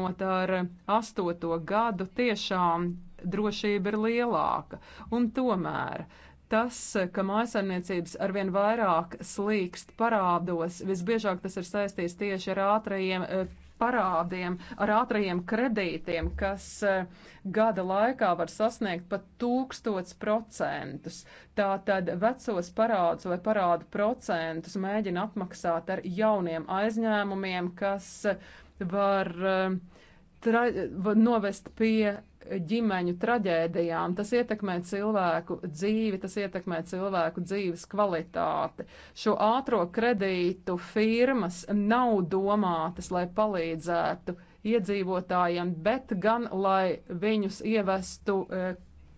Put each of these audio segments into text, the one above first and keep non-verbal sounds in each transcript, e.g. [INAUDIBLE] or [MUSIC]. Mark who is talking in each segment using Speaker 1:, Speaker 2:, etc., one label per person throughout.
Speaker 1: Salīdzinot ar astoto gadu, tiešām drošība ir lielāka. Un tomēr tas, ka mājasemniecības arvien vairāk slīkst parādos, visbiežāk tas ir saistīts tieši ar ātrajiem eh, parādiem, ar ātrajiem kredītiem, kas eh, gada laikā var sasniegt pat tūkstots procentus. Tātad vecos parādus vai parādu procentus mēģina atmaksāt ar jauniem aizņēmumiem, kas uh, var, eh, tra, var novest pie ģimeņu traģēdijām, tas ietekmē cilvēku dzīvi, tas ietekmē cilvēku dzīves kvalitāti. Šo ātro kredītu firmas nav domātas, lai palīdzētu iedzīvotājiem, bet gan, lai viņus ievestu e,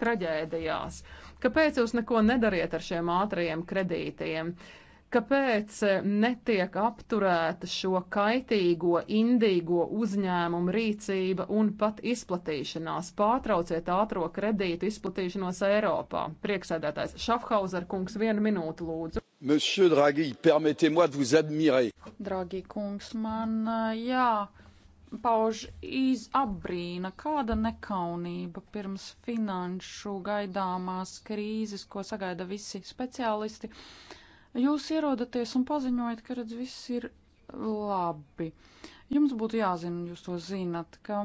Speaker 1: traģēdijās. Kāpēc jūs neko nedariet ar šiem ātrajiem kredītiem? Uh, Kāpēc eh, netiek apturēta šo kaitīgo, indīgo uzņēmumu rīcība un pat izplatīšanās? Pārtrauciet ātro kredītu izplatīšanos Eiropā. Prieksēdētājs Šafhauser kungs, vienu minūtu lūdzu.
Speaker 2: Monsieur Draghi, permettez-moi de vous admirer.
Speaker 3: Draghi kungs, man eh, jā, pauž iz apbrīna, kāda nekaunība pirms finanšu gaidāmās krīzes, ko sagaida visi speciālisti. Uh, Jūs ierodaties un paziņojat, ka redz viss ir labi. Jums būtu jāzina, jūs to zinat, ka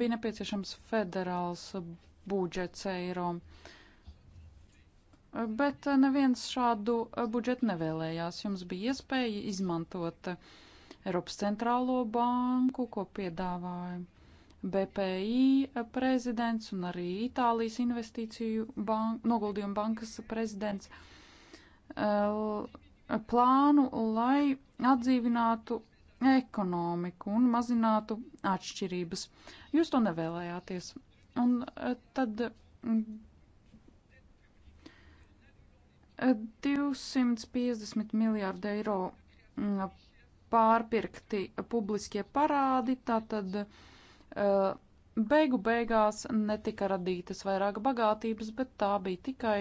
Speaker 3: bija nepieciešams federāls budžets eiro. Bet neviens šādu budžetu nevēlējās. Jums bija iespēja izmantot Eiropas centrālo banku, ko piedāvāja BPI prezidents un arī Itālijas investīciju bank, noguldījuma bankas prezidents. Uh, Uh, plānu, lai atdzīvinātu ekonomiku un mazinātu atšķirības. Jūs to nevēlējāties. Un uh, tad 250 mm, uh, miljārdi eiro mm, pārpirkti publiskie parādi, tātad beigu beigās netika radītas vairāk bagātības, bet tā bija tikai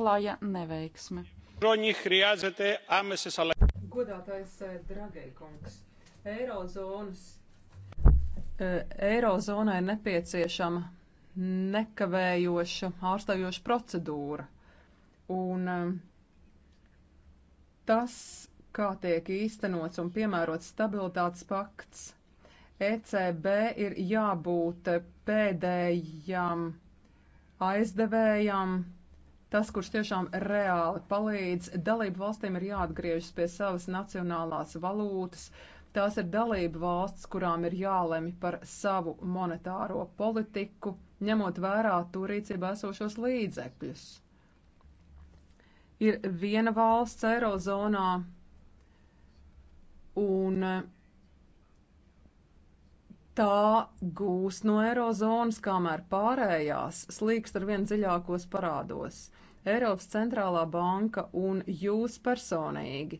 Speaker 3: klāja neveiksme.
Speaker 1: Godātais eh, Dragai kungs, Eirozonas. Eh, Eirozonai nepieciešama nekavējoša ārstējoša procedūra. Un eh, tas, kā tiek īstenots un piemērots stabilitātes pakts, ECB ir jābūt pēdējam aizdevējam tas, kurš tiešām reāli palīdz. Dalību valstīm ir jāatgriežas pie savas nacionālās valūtas. Tās ir dalību valsts, kurām ir jālemj par savu monetāro politiku, ņemot vērā to rīcībā esošos līdzekļus. Ir viena valsts Eirozonā, un tā gūst no Eirozonas, kamēr pārējās slīkst ar vien dziļākos parādos. Uh, Eiropas centrālā banka un jūs personīgi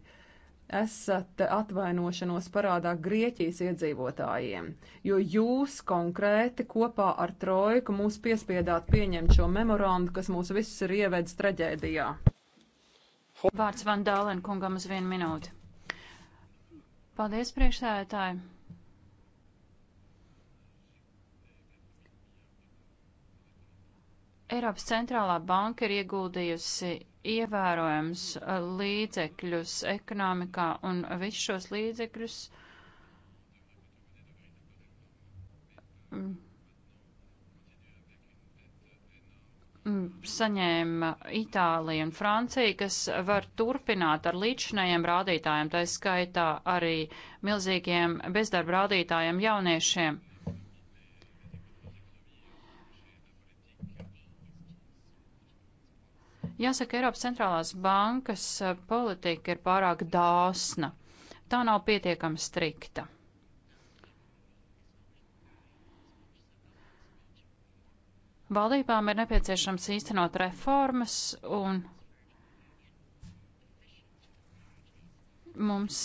Speaker 1: esat atvainošanos parādā Grieķijas iedzīvotājiem, jo jūs konkrēti kopā ar Trojku mūs piespiedāt pieņemt šo
Speaker 2: memorandu, kas mūs visus ir ievedis traģēdijā. Vārds Vandālen kungam uz vienu minūti. Paldies, priekšsēdētāji! Eiropas centrālā banka ir ieguldījusi ievērojams uh, līdzekļus ekonomikā un visus šos līdzekļus mm, mm, saņēma Itālija un Francija, kas var turpināt ar līdzinējiem rādītājiem, tā skaitā arī milzīgiem bezdarba rādītājiem jauniešiem. Jāsaka, Eiropas centrālās bankas eh, politika ir pārāk dāsna. Tā nav pietiekami strikta. Valdībām ir nepieciešams īstenot reformas, un mums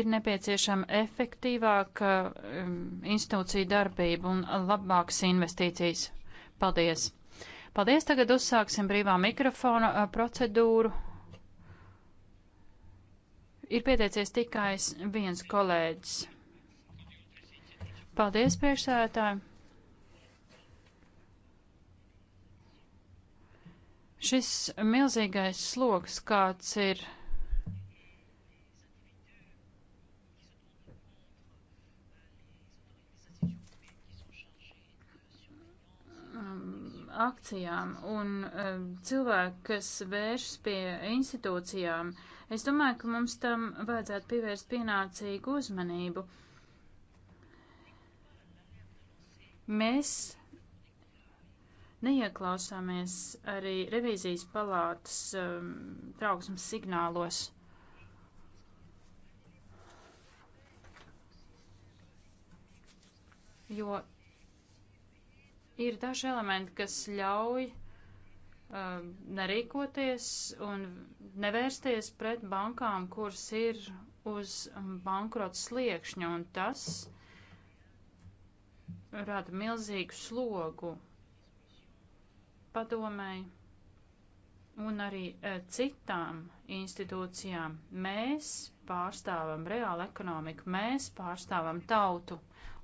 Speaker 2: ir nepieciešama efektīvāka um, institūcija darbība un labākas investīcijas. Paldies! Paldies, tagad uzsāksim brīvā mikrofona uh, procedūru. Ir pieteicies tikai viens kolēģis. Paldies, priekšsēdētāji! Šis milzīgais sloks, kāds ir akcijām un eh, cilvēki, kas vēršas pie institūcijām, es domāju, ka mums tam vajadzētu pievērst pienācīgu uzmanību. Mēs neieklausāmies arī revīzijas palātas um, trauksmes signālos. Jo Ir daži elementi, kas ļauj uh, nerīkoties un nevērsties pret bankām, kuras ir uz bankrota sliekšņa, un tas rada milzīgu slogu padomēji un arī e, citām institūcijām. Mēs pārstāvam reālu ekonomiku, mēs pārstāvam tautu,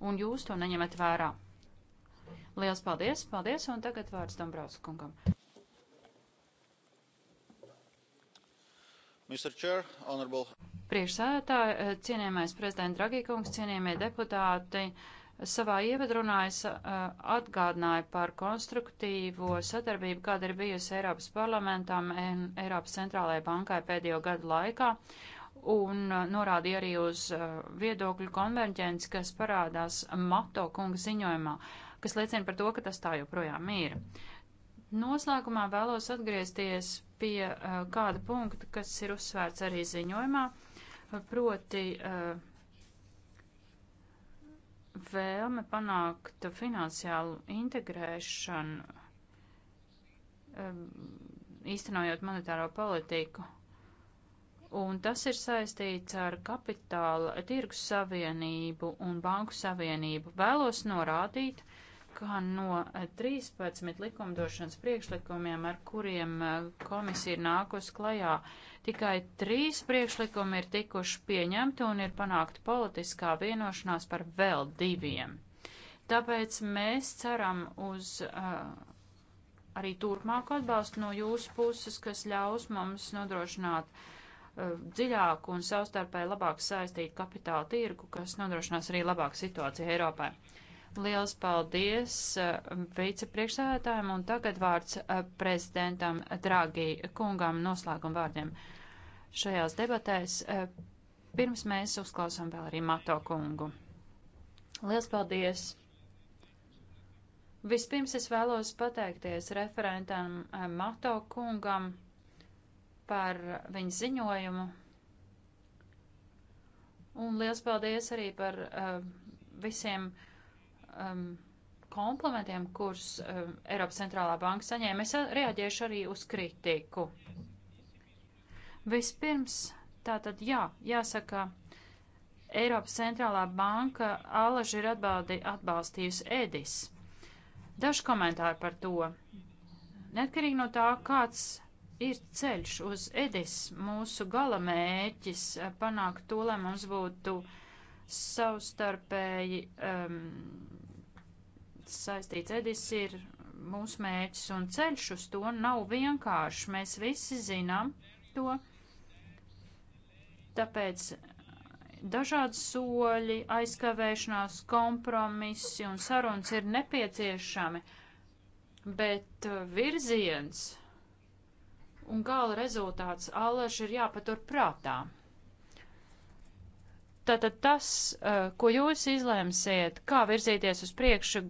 Speaker 2: un jūs to neņemat vērā. Liels paldies, paldies, un tagad vārds Dombrausu kungam. Priekšsēdētāji, eh, cienījamais prezidents Dragīkungs, cienījamie deputāti, savā ievadrunā es eh, atgādināju par konstruktīvo sadarbību, kāda ir bijusi Eiropas parlamentam un Eiropas centrālajai bankai pēdējo gadu laikā un eh, norādīja arī uz viedokļu konverģenci, kas parādās Mato kunga ziņojumā kas liecina par to, ka tas tā joprojām ir. Noslēgumā vēlos atgriezties pie uh, kāda punkta, kas ir uzsvērts arī ziņojumā, proti uh, vēlme panākt finansiālu integrēšanu, uh, īstenojot monetāro politiku. Un tas ir saistīts ar kapitāla tirgus savienību un banku savienību. Vēlos norādīt, uh, kā no 13 likumdošanas priekšlikumiem, ar kuriem eh, komisija ir nākus klajā. Tikai trīs priekšlikumi ir tikuši pieņemti un ir panākt politiskā vienošanās par vēl diviem. Tāpēc mēs ceram uz uh, arī turpmāku atbalstu no jūsu puses, kas ļaus mums nodrošināt uh, dziļāku un savstarpēji labāk saistītu kapitāla tirgu, kas nodrošinās arī labāku situāciju Eiropai. Uh, Liels paldies uh, vicepriekšsēdētājiem un tagad vārds uh, prezidentam Dragī kungam noslēguma vārdiem. Šajās debatēs uh, pirms mēs uzklausām vēl arī Mato kungu. Liels paldies! Vispirms es vēlos pateikties referentam Mato kungam par viņa ziņojumu. Un liels paldies arī par uh, visiem uh, um, komplementiem, kurus um, Eiropas centrālā banka saņēma, es reaģēšu arī uz kritiku. Vispirms, tātad jā, jāsaka, Eiropas centrālā banka alaži ir atbaldi, atbalstījusi Edis. Daži komentāri par to. Neatkarīgi no tā, kāds ir ceļš uz Edis, mūsu gala mērķis eh, panākt to, lai mums būtu savstarpēji um, saistīts Edis, ir mūsu mērķis un ceļš uz to nav vienkāršs. Mēs visi zinām to, tāpēc dažādi soļi, aizkavēšanās, kompromisi un sarunas ir nepieciešami, bet uh, virziens un gala rezultāts allaž ir jāpatur prātā. Tātad tas, uh, ko jūs izlēmsiet, kā virzīties uz priekšu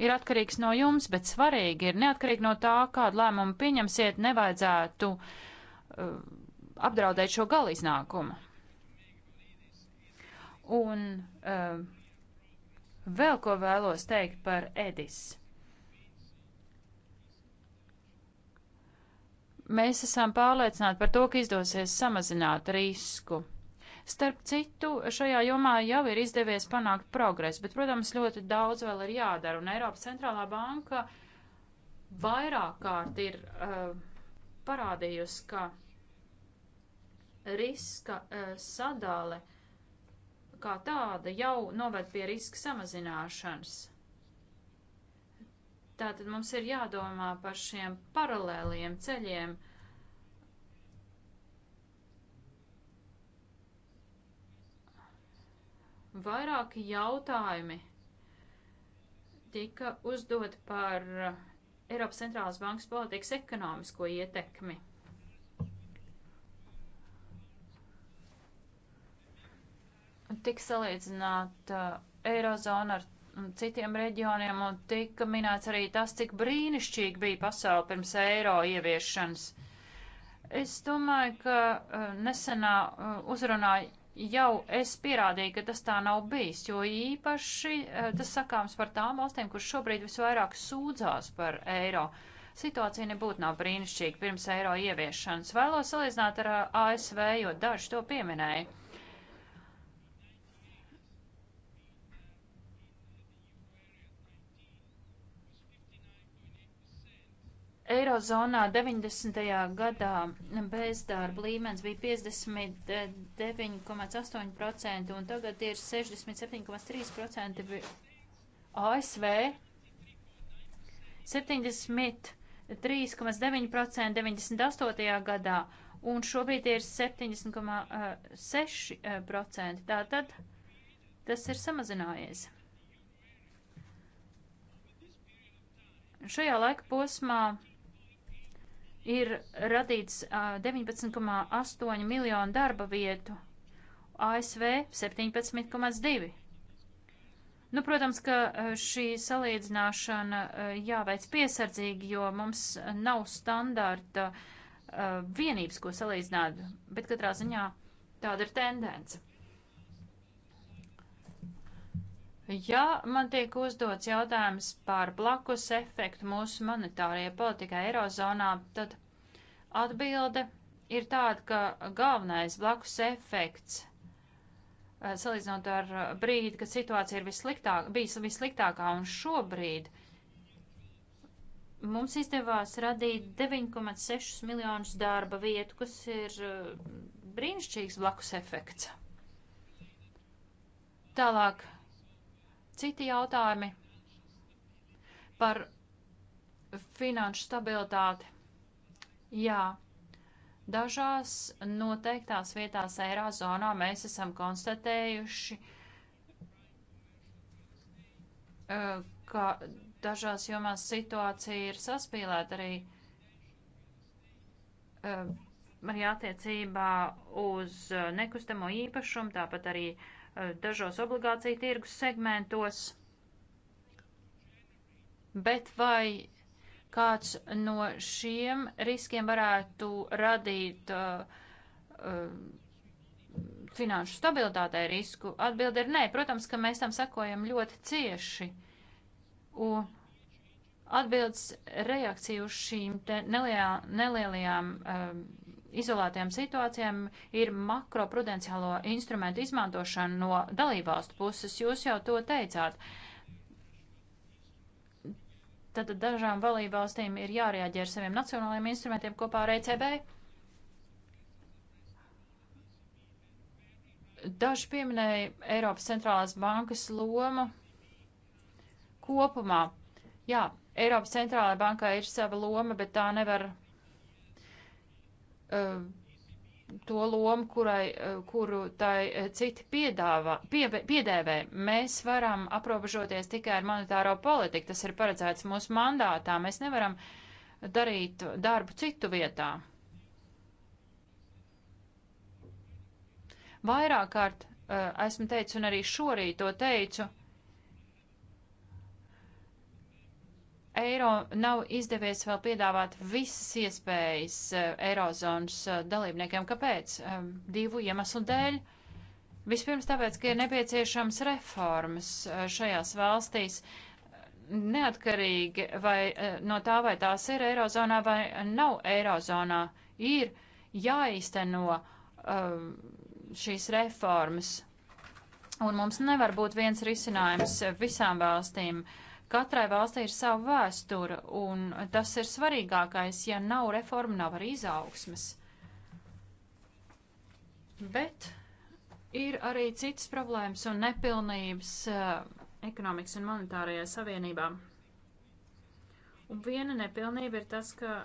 Speaker 2: ir atkarīgs no jums, bet svarīgi ir neatkarīgi no tā, kādu lēmumu pieņemsiet, nevajadzētu uh, apdraudēt šo galiznākumu. Un uh, vēl ko vēlos teikt par Edis. Mēs esam pārliecināti par to, ka izdosies samazināt risku. Starp citu, šajā jomā jau ir izdevies panākt progresu, bet, protams, ļoti daudz vēl ir jādara, un Eiropas centrālā banka vairāk kārt ir uh, parādījusi, ka riska uh, sadale kā tāda jau noved pie riska samazināšanas. Tātad mums ir jādomā par šiem paralēliem ceļiem, uh, Vairāki jautājumi tika uzdot par eh, Eiropas centrālās bankas politikas ekonomisko ietekmi. Tik salīdzināta eh, Eirozona ar mm, citiem reģioniem un tika minēts arī tas, cik brīnišķīgi bija pasauli pirms eiro ieviešanas. Es domāju, ka eh, nesenā uzrunā jau es pierādīju, ka tas tā nav bijis, jo īpaši eh, tas sakāms par tām valstīm, kuras šobrīd visvairāk sūdzās par eiro. Situācija nebūtu nav brīnišķīga pirms eiro ieviešanas. Vēlos salīdzināt ar eh, ASV, jo daži to pieminēja. Eirozonā 90. gadā bezdarba līmenis bija 59,8% un tagad ir 67,3% ASV, 73,9% 98. gadā un šobrīd ir 70,6%. Tātad tas ir samazinājies. Šajā laika posmā ir radīts 19,8 miljonu darba vietu, ASV 17,2. Nu, protams, ka šī salīdzināšana jāveic piesardzīgi, jo mums nav standarta vienības, ko salīdzināt, bet katrā ziņā tāda ir tendence. Ja man tiek uzdots jautājums par blakus efektu mūsu monetārajai politikai Eirozonā, tad atbilde ir tāda, ka galvenais blakus efekts, eh, salīdzinot ar eh, brīdi, kad situācija ir vissliktāk, bijis vissliktākā un šobrīd, mums izdevās radīt 9,6 miljonus darba vietu, kas ir eh, brīnišķīgs blakus efekts. Tālāk Citi jautājumi par finanšu stabilitāti. Jā, dažās noteiktās vietās Eirozonā mēs esam konstatējuši, e, ka dažās jomās situācija ir saspīlēta arī, e, arī attiecībā uz nekustamo īpašumu, tāpat arī uh, Eh, dažos obligāciju tirgus segmentos. Bet vai kāds no šiem riskiem varētu radīt uh, uh, finanšu stabilitātei risku? Atbilde ir nē. Protams, ka mēs tam sakojam ļoti cieši. Un atbildes reakcija uz šīm nelielajām um, izolētajām situācijām ir makroprudenciālo instrumentu izmantošana no dalībvalstu puses. Jūs jau to teicāt. Tad dažām valībvalstīm ir jārēģē ar saviem nacionālajiem instrumentiem kopā ar ECB. Daži pieminēja Eiropas centrālās bankas lomu kopumā. Jā, Eiropas centrālajā bankā ir sava loma, bet tā nevar Um, to lomu, kurai, uh, kuru tai uh, citi piedāvā, pie, piedēvē. Mēs varam aprobežoties tikai ar monetāro politiku, tas ir paredzēts mūsu mandātā, mēs nevaram darīt darbu citu vietā. Vairāk kārt uh, esmu teicis un arī šorīt to teicu, eiro nav izdevies vēl piedāvāt visas iespējas eh, eirozonas eh, dalībniekiem. Kāpēc? Eh, divu iemeslu dēļ. Vispirms tāpēc, ka ir nepieciešams reformas šajās valstīs, neatkarīgi vai no tā, vai tās ir eirozonā vai nav eirozonā, ir jāizteno šīs reformas. Un mums nevar būt viens risinājums visām valstīm. Uh, Katrai valstī ir sava vēstura, un tas ir svarīgākais. Ja nav reforma, nav arī izaugsmes. Bet ir arī citas problēmas un nepilnības eh, ekonomikas un monetārajai savienībā. Un viena nepilnība ir tas, ka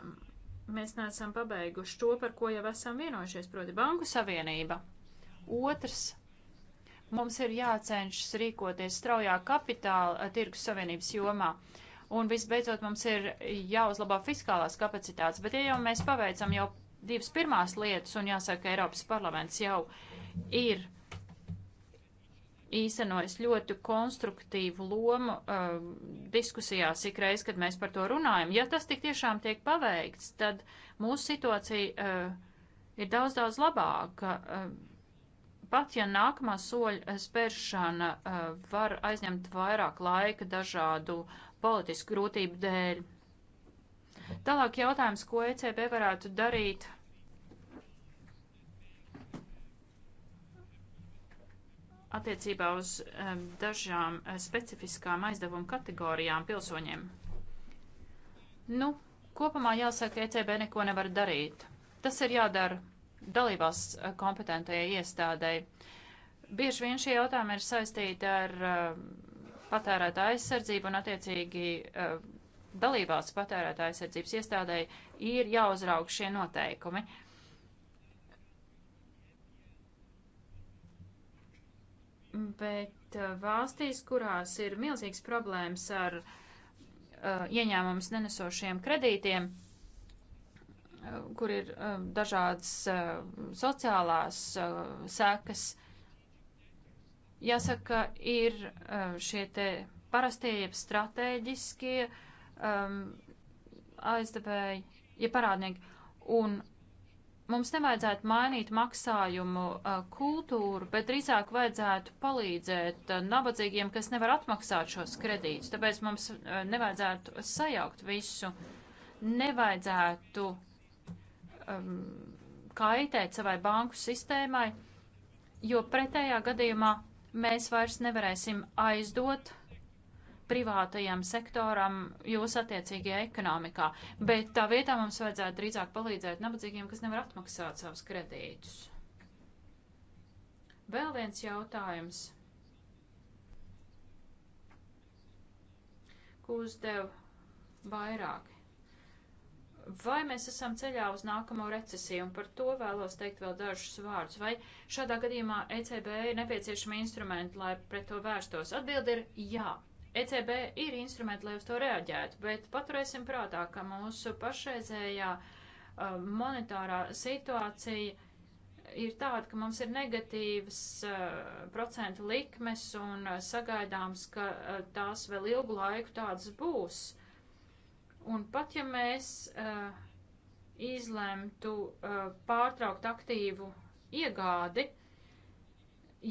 Speaker 2: mēs neesam pabeiguši to, par ko jau esam vienojušies, proti banku savienība. Otrs Mums ir jācenšas rīkoties straujā kapitāla eh, tirgus savienības jomā. Un visbeidzot, mums ir jāuzlabo fiskālās kapacitātes, bet ja jau mēs paveicam jau divas pirmās lietas, un jāsaka, ka Eiropas parlaments jau ir īstenojis ļoti konstruktīvu lomu uh, diskusijās ikreiz, kad mēs par to runājam. Ja tas tik tiešām tiek paveikts, tad mūsu situācija uh, ir daudz, daudz labāka. Uh, Pat ja nākamā soļa spēršana eh, var aizņemt vairāk laika dažādu politisku grūtību dēļ. Tālāk jautājums, ko ECB varētu darīt? attiecībā uz um, dažām eh, specifiskām aizdevumu kategorijām pilsoņiem. Nu, kopumā jāsaka, ECB neko nevar darīt. Tas ir jādara dalībās eh, kompetentajai iestādēji. Bieži vien šie jautājumi ir saistīti ar uh, patērētā aizsardzību un attiecīgi uh, eh, dalībās patērētā aizsardzības iestādēji ir jāuzraug šie noteikumi. Bet uh, valstīs, kurās ir milzīgs problēmas ar uh, ieņēmumus nenesošiem kredītiem, uh, kur ir um, dažādas um, sociālās um, sekas. Jāsaka, ir šie te parastie, jeb strateģiskie um, aizdevēji, jeb parādnieki. Un mums nevajadzētu mainīt maksājumu uh, kultūru, bet drīzāk vajadzētu palīdzēt uh, nabadzīgiem, kas nevar atmaksāt šos kredītus. Tāpēc mums uh, nevajadzētu sajaukt visu. Nevajadzētu um, kaitēt savai banku sistēmai, jo pretējā gadījumā mēs vairs nevarēsim aizdot privātajam sektoram jūs attiecīgajā ekonomikā, bet tā vietā mums vajadzētu drīzāk palīdzēt nabadzīgiem, kas nevar atmaksāt savus kredītus. Vēl viens jautājums, ko uzdev vairāk vai mēs esam ceļā uz nākamo recesiju, un par to vēlos teikt vēl dažus vārdus, vai šādā gadījumā ECB ir nepieciešami instrumenti, lai pret to vērstos? Atbildi ir jā. ECB ir instrumenti, lai uz to reaģētu, bet paturēsim prātā, ka mūsu pašreizējā uh, monetārā situācija ir tāda, ka mums ir negatīvas uh, procentu likmes un uh, sagaidāms, ka uh, tās vēl ilgu laiku tādas būs. Uh, Un pat ja mēs uh, izlemtu uh, pārtraukt aktīvu iegādi,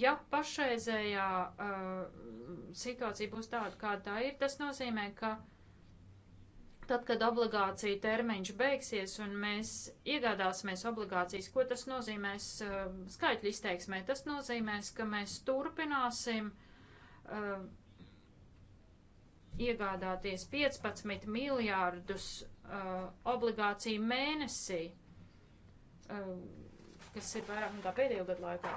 Speaker 2: ja pašreizējā uh, situācija būs tāda, kāda tā ir, tas nozīmē, ka tad, kad obligācija termiņš beigsies un mēs iegādāsimies obligācijas, ko tas nozīmēs uh, skaitļu izteiksmē, tas nozīmēs, ka mēs turpināsim uh, iegādāties 15 miljārdus uh, obligāciju mēnesī, uh, kas ir vairāk nekā pēdējo gadu laikā.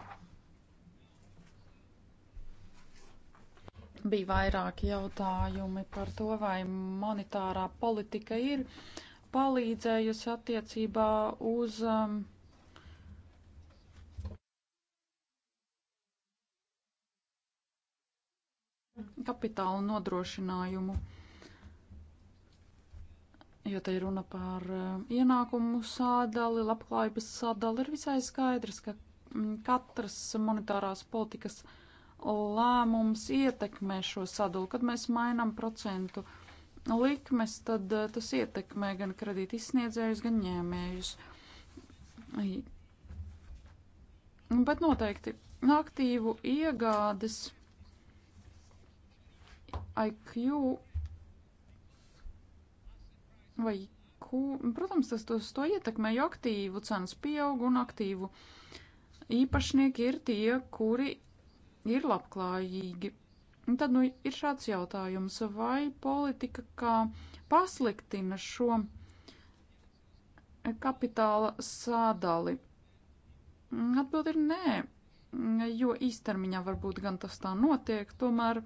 Speaker 3: Bija vairāki jautājumi par to, vai monetārā politika ir palīdzējusi attiecībā uz um, kapitālu nodrošinājumu, jo te ir runa par eh, ienākumu sādali, labklājības sādali, ir visai skaidrs, ka mm, katras monetārās politikas lēmums ietekmē šo sadalu. Kad mēs mainām procentu likmes, tad eh, tas ietekmē gan kredīt izsniedzējus, gan ņēmējus. Bet noteikti aktīvu iegādes IQ vai IQ, protams, tas tos to ietekmē, jo aktīvu cenas pieaug un aktīvu īpašnieki ir tie, kuri ir labklājīgi. Un tad nu, ir šāds jautājums, vai politika kā pasliktina šo kapitāla sādali? Atbildi ir nē jo īstermiņā varbūt gan tas tā notiek, tomēr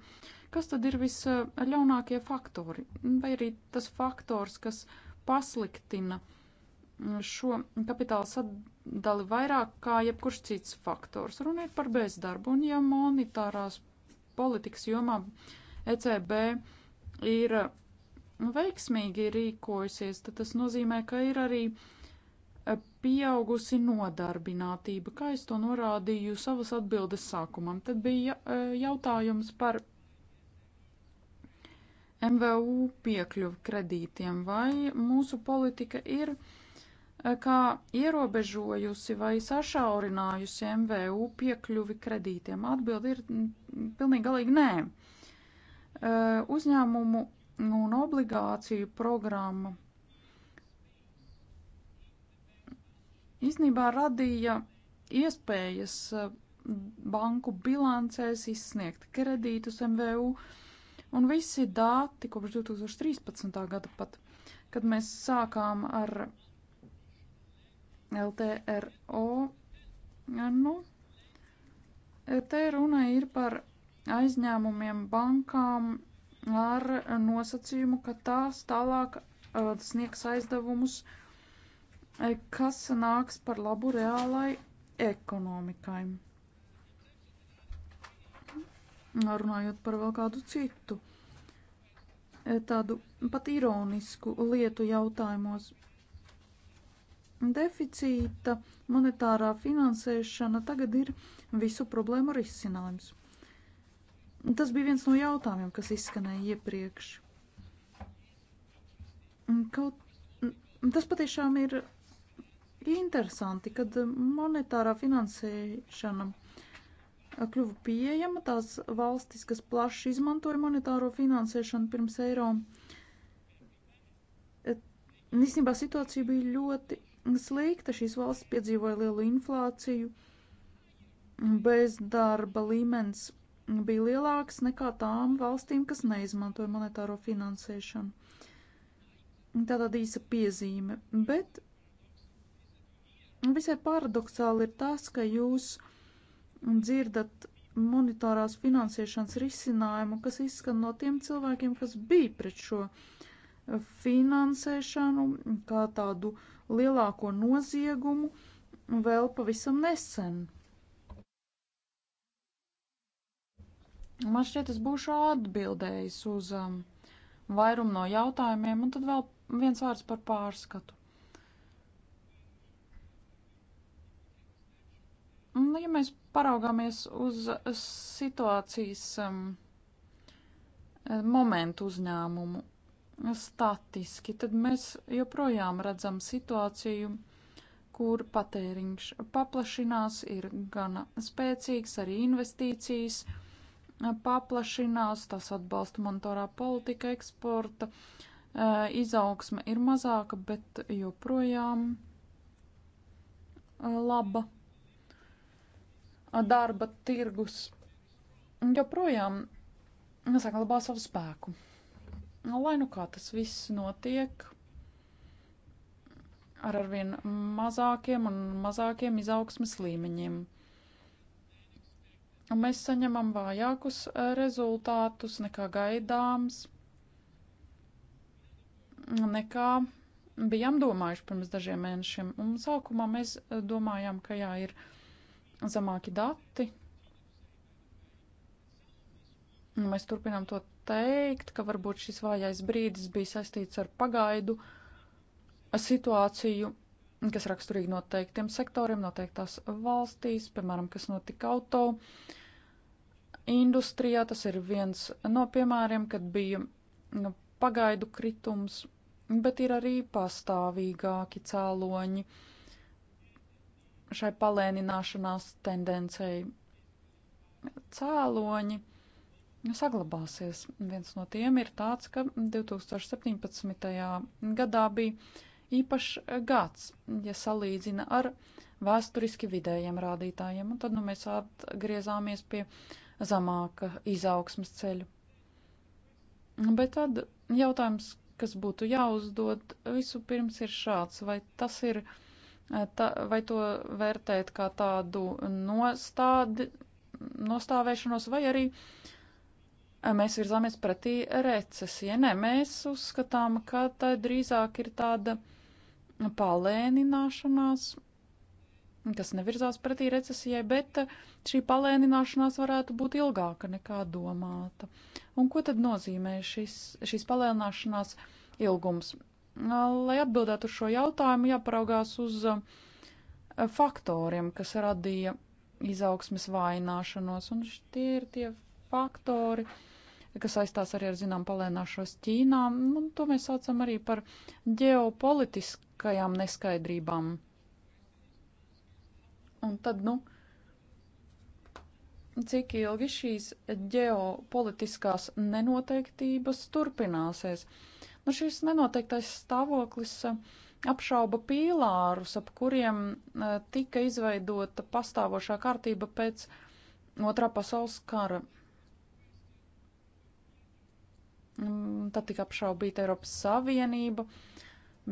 Speaker 3: kas tad ir visļaunākie faktori? Vai arī tas faktors, kas pasliktina šo kapitāla sadali vairāk kā jebkurš cits faktors. Runa ir par bezdarbu, un ja monetārās politikas jomā ECB ir veiksmīgi rīkojusies, tad tas nozīmē, ka ir arī uh, pieaugusi nodarbinātība, kā es to norādīju savas atbildes sākumam. Tad bija e, jautājums par MVU piekļuvu kredītiem, vai mūsu politika ir e, kā ierobežojusi vai sašaurinājusi MVU piekļuvi kredītiem. Atbildi ir pilnīgi galīgi nē. E, uzņēmumu un obligāciju programma īsnībā radīja iespējas eh, banku bilancēs izsniegt kredītus MVU, un visi dati kopš 2013. gada pat, kad mēs sākām ar LTRO, nu, te runa ir par aizņēmumiem bankām ar nosacījumu, ka tās tālāk eh, sniegs aizdevumus uh, kas nāks par labu reālai ekonomikai. Nu, runājot par vēl kādu citu e, tādu pat ironisku lietu jautājumos. Deficīta monetārā finansēšana tagad ir visu problēmu risinājums. Tas bija viens no jautājumiem, kas izskanēja iepriekš. Kaut tas patiešām ir Interesanti, kad monetārā finansēšana kļuva pieejama tās valstis, kas plaši izmantoja monetāro finansēšanu pirms eiro. Nīsnībā situācija bija ļoti slikta. Šīs valsts piedzīvoja lielu inflāciju, bezdarba līmenis bija lielāks nekā tām valstīm, kas neizmantoja monetāro finansēšanu. Tā tad īsa piezīme, bet Visai paradoxāli ir tas, ka jūs dzirdat monetārās finansēšanas risinājumu, kas izskan no tiem cilvēkiem, kas bija pret šo finansēšanu kā tādu lielāko noziegumu vēl pavisam nesen. Man šķiet, es būšu atbildējis uz um, vairumu no jautājumiem, un tad vēl viens vārds par pārskatu. Nu, ja mēs paraugāmies uz situācijas um, momentu uzņēmumu statiski, tad mēs joprojām redzam situāciju, kur patēriņš paplašinās, ir gana spēcīgs, arī investīcijas paplašinās, tas atbalsta monetārā politika eksporta, uh, izaugsme ir mazāka, bet joprojām uh, laba darba tirgus joprojām saglabā savu spēku. Lai nu kā tas viss notiek, ar arvien mazākiem un mazākiem izaugsmes līmeņiem. Un mēs saņemam vājākus eh, rezultātus nekā gaidāms, nekā bijām domājuši pirms dažiem mēnešiem. Un sākumā mēs eh, domājām, ka jā, ir zemāki dati. Un nu, mēs turpinām to teikt, ka varbūt šis vājais brīdis bija saistīts ar pagaidu situāciju, kas raksturīgi noteiktiem sektoriem, noteiktās valstīs, piemēram, kas notika auto industrijā. Tas ir viens no piemēriem, kad bija nu, pagaidu kritums, bet ir arī pastāvīgāki cēloņi. Uh, šai palēnināšanās tendencei. Cēloņi saglabāsies. Viens no tiem ir tāds, ka 2017. gadā bija īpašs gads, ja salīdzina ar vēsturiski vidējiem rādītājiem, un tad nu, mēs atgriezāmies pie zemāka izaugsmas ceļu. Bet tad jautājums, kas būtu jāuzdod, visu pirms ir šāds, vai tas ir uh, Eh, tā, vai to vērtēt kā tādu nostādi, nostāvēšanos, vai arī eh, mēs virzāmies pretī recesijai. Nē, mēs uzskatām, ka tā drīzāk ir tāda palēnināšanās, kas nevirzās pretī recesijai, bet eh, šī palēnināšanās varētu būt ilgāka nekā domāta. Un ko tad nozīmē šis, šīs palēnināšanās ilgums? Lai atbildētu uz šo jautājumu, jāparaugās uz uh, faktoriem, kas radīja izaugsmes vaināšanos, un tie ir tie faktori, kas saistās arī ar, zinām, palēnāšos Ķīnā, un nu, to mēs saucam arī par ģeopolitiskajām neskaidrībām. Un tad, nu, cik ilgi šīs ģeopolitiskās nenoteiktības turpināsies? Uh, Nu, šis nenoteiktais stāvoklis e, apšauba pīlārus, ap kuriem e, tika izveidota pastāvošā kārtība pēc otrā pasaules kara. Mm, tad tika apšaubīta Eiropas Savienība,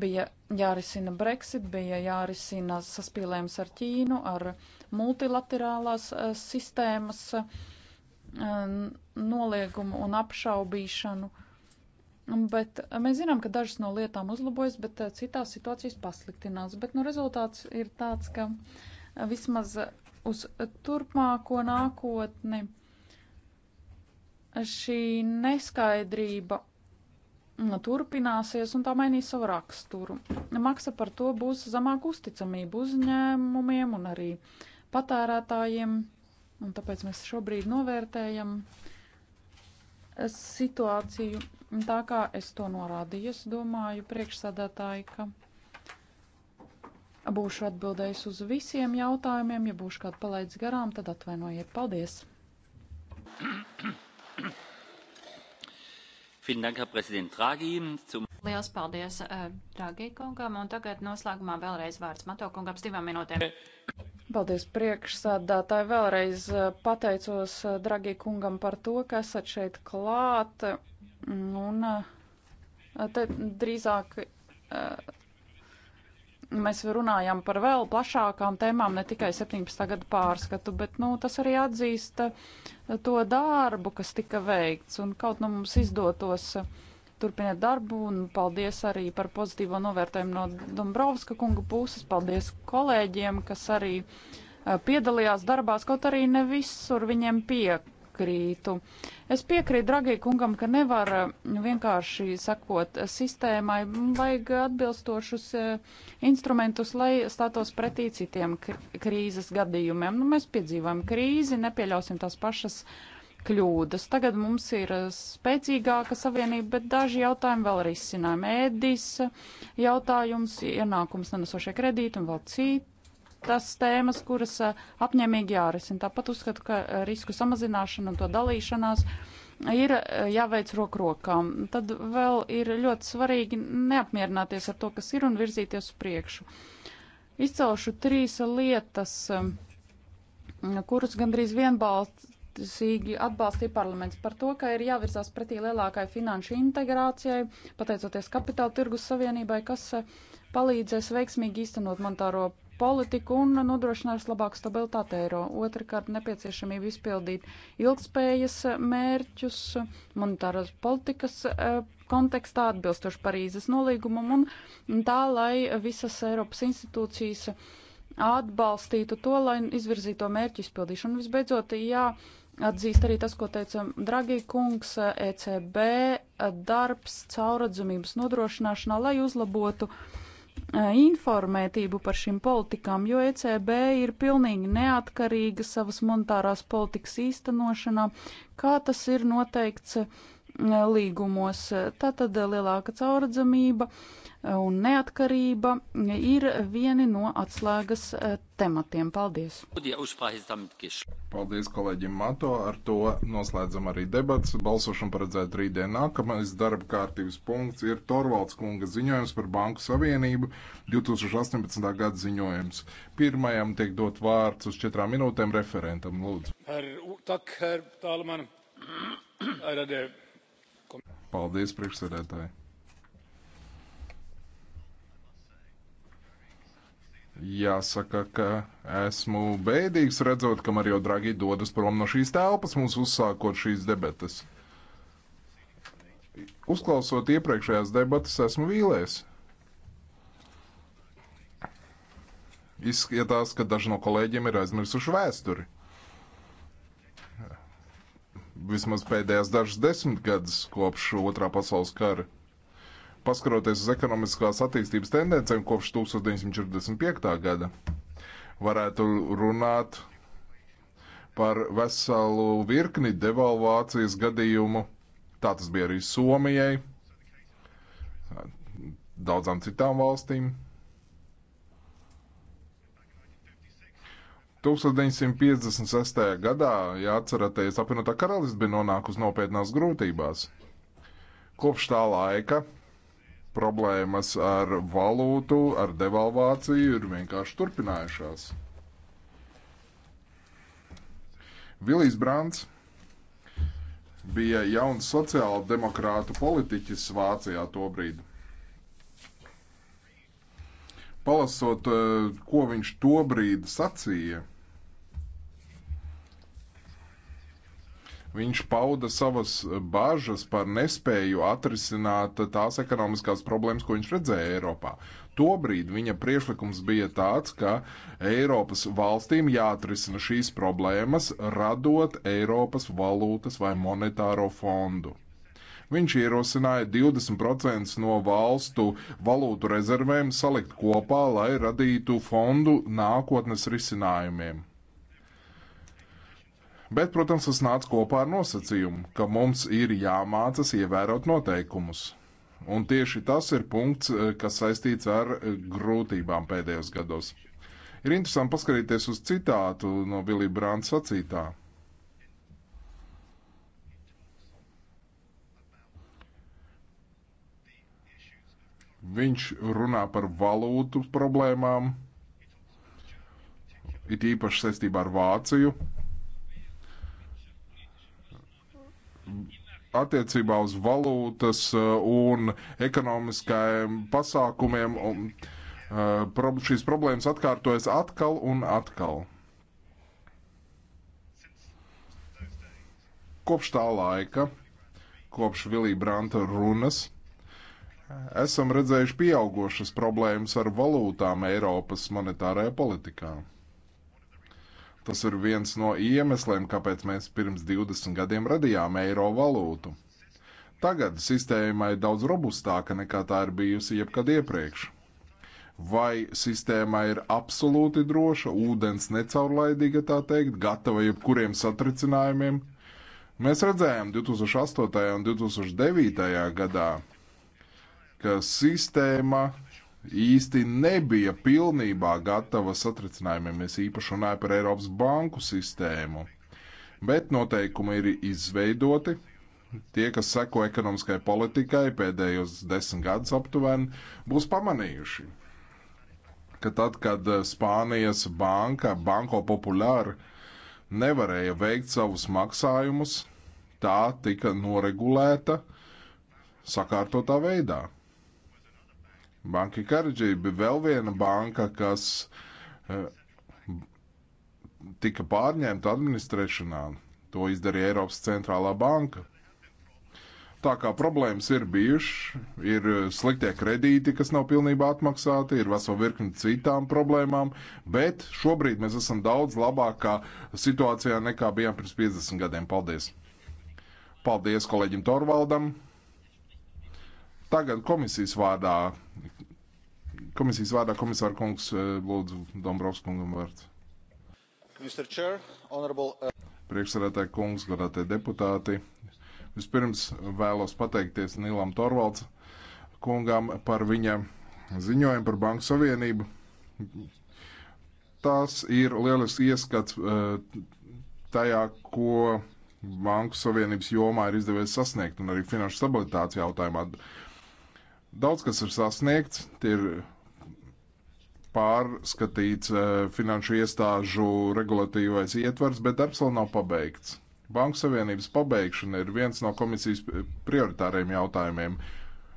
Speaker 3: bija jārisina Brexit, bija jārisina saspīlējums ar Ķīnu, ar multilaterālās e, sistēmas noliegumu un apšaubīšanu. Uh, Mm, bet eh, mēs zinām, ka dažas no lietām uzlabojas, bet eh, citās situācijas pasliktinās. Bet nu, rezultāts ir tāds, ka eh, vismaz uz turpmāko nākotni šī neskaidrība mm, turpināsies un tā mainīs savu raksturu. Maksa par to būs zemāka uzticamība uzņēmumiem un arī patērētājiem, un tāpēc mēs šobrīd novērtējam situāciju Tā kā es to norādīju, es domāju priekšsādātāji, ka būšu atbildējis uz visiem jautājumiem. Ja būšu kādu palaidis garām,
Speaker 2: tad atvainojiet. Paldies! Liels paldies, eh, Dragi kungam, un tagad noslēgumā vēlreiz vārds Mato kungam divām minūtēm. Paldies
Speaker 3: priekšsādātāji, vēlreiz eh, pateicos eh, Dragi kungam par to, ka esat šeit klāt Un eh, te drīzāk eh, mēs runājam par vēl plašākām tēmām, ne tikai 17. gada pārskatu, bet nu, tas arī atzīst eh, to darbu, kas tika veikts. Un kaut no nu, mums izdotos turpināt darbu, un paldies arī par pozitīvo novērtējumu no Dombrovska kunga puses. Paldies kolēģiem, kas arī piedalījās darbās, kaut arī ne visur viņiem piek piekrītu. Es piekrītu Dragī kungam, ka nevar eh, vienkārši sakot eh, sistēmai, vajag atbilstošus eh, instrumentus, lai stātos pretī citiem krīzes gadījumiem. Nu, mēs piedzīvojam krīzi, nepieļausim tās pašas kļūdas. Tagad mums ir spēcīgāka savienība, bet daži jautājumi vēl ir izcinājumi. Ēdis jautājums, ienākums nenesošie kredīti un vēl citi tas tēmas, kuras eh, apņēmīgi jārisina. Tāpat uzskatu, ka eh, risku samazināšana un to dalīšanās ir eh, jāveic roku rokām. Tad vēl ir ļoti svarīgi neapmierināties ar to, kas ir un virzīties uz priekšu. Izcelšu trīs lietas, kurus gandrīz vienbalsts vienbalsīgi atbalstīja parlaments par to, ka ir jāvirzās pretī lielākai finanšu integrācijai, pateicoties kapitāla tirgus savienībai, kas palīdzēs veiksmīgi īstenot monetāro politiku un nodrošinās labāku stabilitāti eiro. Otrakārt, nepieciešamība izpildīt ilgspējas mērķus monetāras politikas e, kontekstā atbilstoši Parīzes nolīgumam un tā, lai visas Eiropas institūcijas atbalstītu to, lai izvirzīto mērķu izpildīšanu. Visbeidzot, jā, atzīst arī tas, ko teica Dragī kungs, ECB darbs cauradzamības nodrošināšanā, lai uzlabotu uh, Eh, informētību par šīm politikām, jo ECB ir pilnīgi neatkarīga savas monetārās politikas īstenošanā, kā tas ir noteikts eh, līgumos. Tātad eh, lielāka caurredzamība, uh, un neatkarība ir vieni no atslēgas eh, tematiem. Paldies!
Speaker 4: Paldies kolēģim Mato, ar to noslēdzam arī debats. Balsošana paredzēta rītdien nākamais darba kārtības punkts ir Torvalds kunga ziņojums par Banku Savienību 2018. gada ziņojums. Pirmajam tiek dot vārds uz četrām minūtēm referentam, lūdzu.
Speaker 1: Her, tak, her,
Speaker 4: Paldies, priekšsēdētāji! Jāsaka, ka esmu bēdīgs redzot, ka Mario Draghi dodas prom no šīs telpas, mums uzsākot šīs debatas. Uzklausot iepriekšējās debatas, esmu vīlēs. Izskatās, ka daži no kolēģiem ir aizmirsuši vēsturi vismaz pēdējās dažas desmitgades kopš otrā pasaules kara. Paskaroties uz ekonomiskās attīstības tendencēm kopš 1945. gada, varētu runāt par veselu virkni devalvācijas gadījumu. Tā tas bija arī Somijai, daudzām citām valstīm. 1956. gadā, ja atceraties, apvienotā karalists bija nonākusi nopietnās grūtībās. Kopš tā laika problēmas ar valūtu, ar devalvāciju ir vienkārši turpinājušās. Vilijs Brants bija jauns sociāla demokrāta politiķis Vācijā tobrīd. Palasot, eh, ko viņš tobrīd sacīja, Viņš pauda savas eh, bažas par nespēju atrisināt tās ekonomiskās problēmas, ko viņš redzēja Eiropā. Tobrīd viņa priekšlikums bija tāds, ka Eiropas valstīm jāatrisina šīs problēmas, radot Eiropas valūtas vai monetāro fondu. Viņš ierosināja 20% no valstu valūtu rezervēm salikt kopā, lai radītu fondu nākotnes risinājumiem. Bet, protams, tas nāca kopā ar nosacījumu, ka mums ir jāmācās ievērot noteikumus. Un tieši tas ir punkts, eh, kas saistīts ar eh, grūtībām pēdējos gados. Ir interesanti paskatīties uz citātu no Bilija Brāna sacītā. Viņš runā par valūtu problēmām, it īpaši saistībā ar Vāciju, attiecībā uz valūtas eh, un ekonomiskajiem pasākumiem. Un, uh, šīs problēmas atkārtojas atkal un atkal. Kopš tā laika, kopš Vilija Branta runas, esam redzējuši pieaugošas problēmas ar valūtām Eiropas monetārajā politikā. Tas ir viens no iemesliem, kāpēc mēs pirms 20 gadiem radījām eiro valūtu. Tagad sistēma ir daudz robustāka nekā tā ir bijusi jebkad iepriekš. Vai sistēma ir absolūti droša, ūdens necaurlaidīga, tā teikt, gatava jebkuriem satricinājumiem? Mēs redzējām 2008. un 2009. gadā, ka sistēma īsti nebija pilnībā gatava satricinājumiem. Es īpaši runāju par Eiropas banku sistēmu. Bet noteikumi ir izveidoti. Tie, kas seko ekonomiskai politikai pēdējos desmit gadus aptuveni, būs pamanījuši, ka tad, kad Spānijas banka, Banko Populāra, nevarēja veikt savus maksājumus, tā tika noregulēta sakārtotā veidā. Banka Karadžī bija vēl viena banka, kas eh, tika pārņemta administrēšanā. To izdarīja Eiropas centrālā banka. Tā kā problēmas ir bijušas, ir eh, sliktie kredīti, kas nav pilnībā atmaksāti, ir vesela virkni citām problēmām, bet šobrīd mēs esam daudz labākā situācijā nekā bijām pirms 50 gadiem. Paldies! Paldies kolēģim Torvaldam! Tagad komisijas vārdā, komisijas vārdā komisāra kungs eh, lūdzu Dombrovs kungam vārds.
Speaker 3: Honorable...
Speaker 2: Eh,
Speaker 4: Priekšsarētāji kungs, godātie deputāti, vispirms vēlos pateikties Nīlam Torvalds kungam par viņa ziņojumu par Banku Savienību. Tas ir lielisks ieskats eh, tajā, ko Banku Savienības jomā ir izdevies sasniegt, un arī finanšu stabilitātes jautājumā. Daudz kas ir sasniegts, tie ir pārskatīts eh, finanšu iestāžu regulatīvais ietvars, bet darbs vēl nav pabeigts. Banku savienības pabeigšana ir viens no komisijas prioritāriem jautājumiem,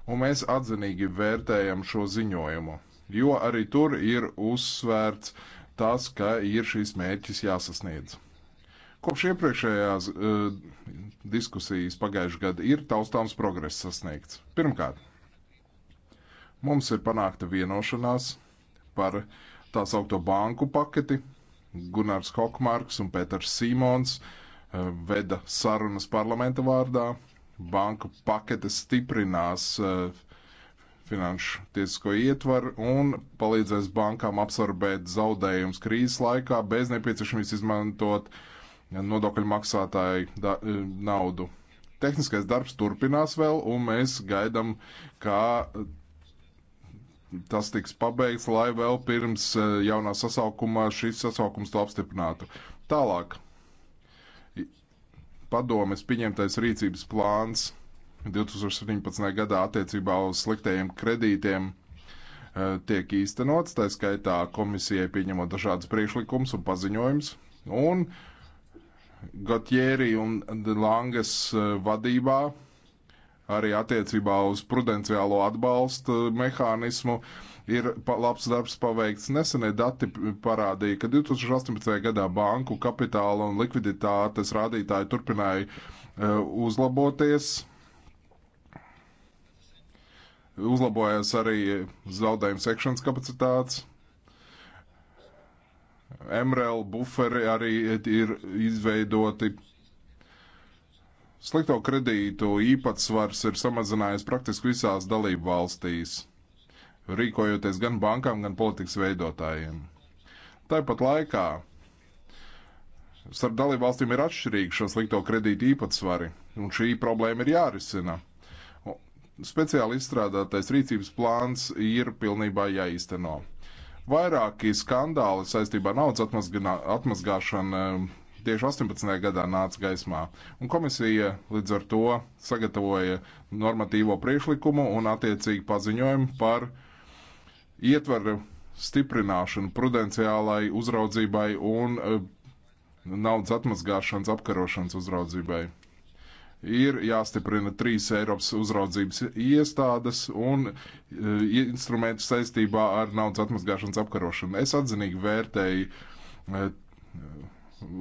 Speaker 4: un mēs atzinīgi vērtējam šo ziņojumu, jo arī tur ir uzsvērts tas, ka ir šīs mērķis jāsasniedz. Kopš iepriekšējās uh, diskusijas pagājušajā gadā ir taustāms progress sasniegts. Pirmkārt, Mums ir panākta vienošanās par tā saukto banku paketi. Gunārs Hokmārks un Pēters Simons eh, veda sarunas parlamenta vārdā. Banku pakete stiprinās eh, finanšu tiesisko ietvaru un palīdzēs bankām absorbēt zaudējumus krīzes laikā bez nepieciešamības izmantot nodokļu maksātāju eh, naudu. Tehniskais darbs turpinās vēl, un mēs gaidām, kā tas tiks pabeigts, lai vēl pirms eh, jaunā sasaukumā šis sasaukums to apstiprinātu. Tālāk. Padomes pieņemtais rīcības plāns 2017. gadā attiecībā uz sliktajiem kredītiem eh, tiek īstenots, tā skaitā komisijai pieņemot dažādas priekšlikums un paziņojums. Un Gotjēri un Langas eh, vadībā arī attiecībā uz prudenciālo atbalstu mehānismu ir labs darbs paveikts. Nesenie dati parādīja, ka 2018. gadā banku kapitāla un likviditātes rādītāji turpināja uh, uzlaboties. Uzlabojās arī zaudējuma sekšanas kapacitātes. MRL buferi arī ir izveidoti Slikto kredītu īpatsvars ir samazinājies praktiski visās dalību valstīs, rīkojoties gan bankām, gan politikas veidotājiem. Tāpat laikā starp dalību valstīm ir atšķirīgi šo slikto kredītu īpatsvari, un šī problēma ir jārisina. Speciāli izstrādātais rīcības plāns ir pilnībā jāīsteno. Vairāki skandāli saistībā ar naudas atmazgāšanu tieši 18. gadā nāca gaismā. Un komisija līdz ar to sagatavoja normatīvo priekšlikumu un attiecīgi paziņojumu par ietveru stiprināšanu prudenciālai uzraudzībai un eh, naudas atmazgāšanas apkarošanas uzraudzībai. Ir jāstiprina trīs Eiropas uzraudzības iestādes un eh, instrumenti saistībā ar naudas atmazgāšanas apkarošanu. Es atzinīgi vērtēju eh,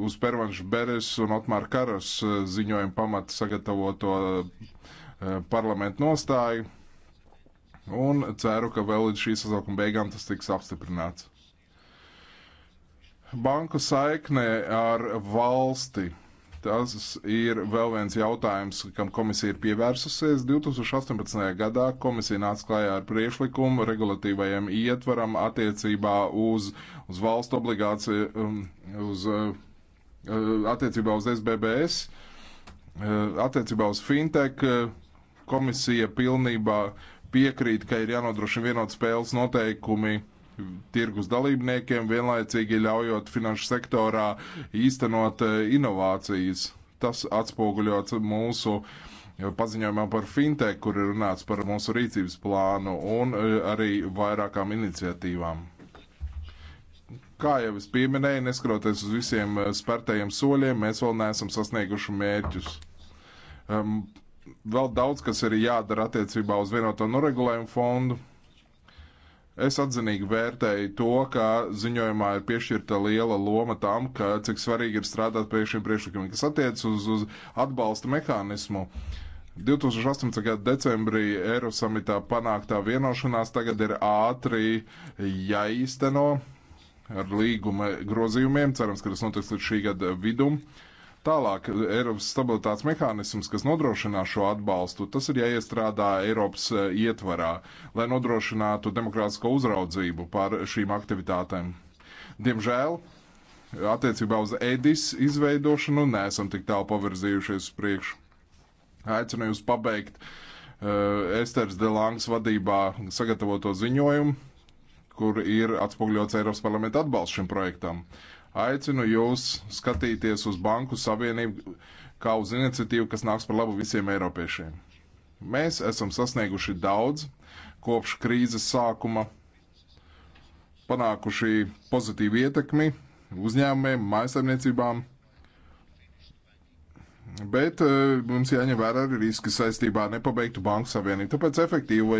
Speaker 4: uz Pervanšu Beres un Otmāra Karas eh, ziņojumu pamatu sagatavoto eh, parlamentu nostāju. Un ceru, ka vēl līdz šī sasaukuma beigām tas tiks apstiprināts. Banku saiknē ar valsti. Tas ir vēl viens jautājums, kam komisija ir pievērsusies. 2018. gadā komisija nāca klājā ar priešlikumu regulatīvajiem ietvaram attiecībā uz, uz valstu obligāciju, um, uz eh, Eh, attiecībā uz SBBS, eh, attiecībā uz fintech eh, komisija pilnībā piekrīt, ka ir jānodrošina vienot spēles noteikumi tirgus dalībniekiem, vienlaicīgi ļaujot finanšu sektorā īstenot inovācijas. Tas atspoguļots mūsu paziņojumā par fintech, kur ir runāts par mūsu rīcības plānu un arī vairākām iniciatīvām. Kā jau es pieminēju, neskatoties uz visiem eh, spērtajiem soļiem, mēs vēl neesam sasnieguši mērķus. Um, vēl daudz kas ir jādara attiecībā uz vienoto noregulējumu fondu. Es atzinīgi vērtēju to, ka ziņojumā ir piešķirta liela loma tam, ka cik svarīgi ir strādāt pie šiem priekšlikumiem, kas attiec uz, uz atbalsta mehānismu. 2018. gada decembrī Eirosamitā panāktā vienošanās tagad ir ātri jāīsteno. Ja ar līguma grozījumiem. Cerams, ka tas notiks līdz šī gada vidum. Tālāk, Eiropas stabilitātes mehānisms, kas nodrošinās šo atbalstu, tas ir jāiestrādā Eiropas e, ietvarā, lai nodrošinātu demokrātisko uzraudzību pār šīm aktivitātēm. Diemžēl attiecībā uz Edis izveidošanu neesam tik tālu pavirzījušies uz priekšu. Aicinu jūs pabeigt uh, e, Esters Delangas vadībā sagatavoto ziņojumu kur ir atspoguļots Eiropas parlamenta atbalsts šim projektam. Aicinu jūs skatīties uz Banku Savienību kā uz iniciatīvu, kas nāks par labu visiem eiropiešiem. Mēs esam sasnieguši daudz kopš krīzes sākuma, panākuši pozitīvu ietekmi uzņēmumiem, mājasemniecībām Bet e, mums jāņem vērā arī riski saistībā ar nepabeigtu banku savienību. Tāpēc efektīvi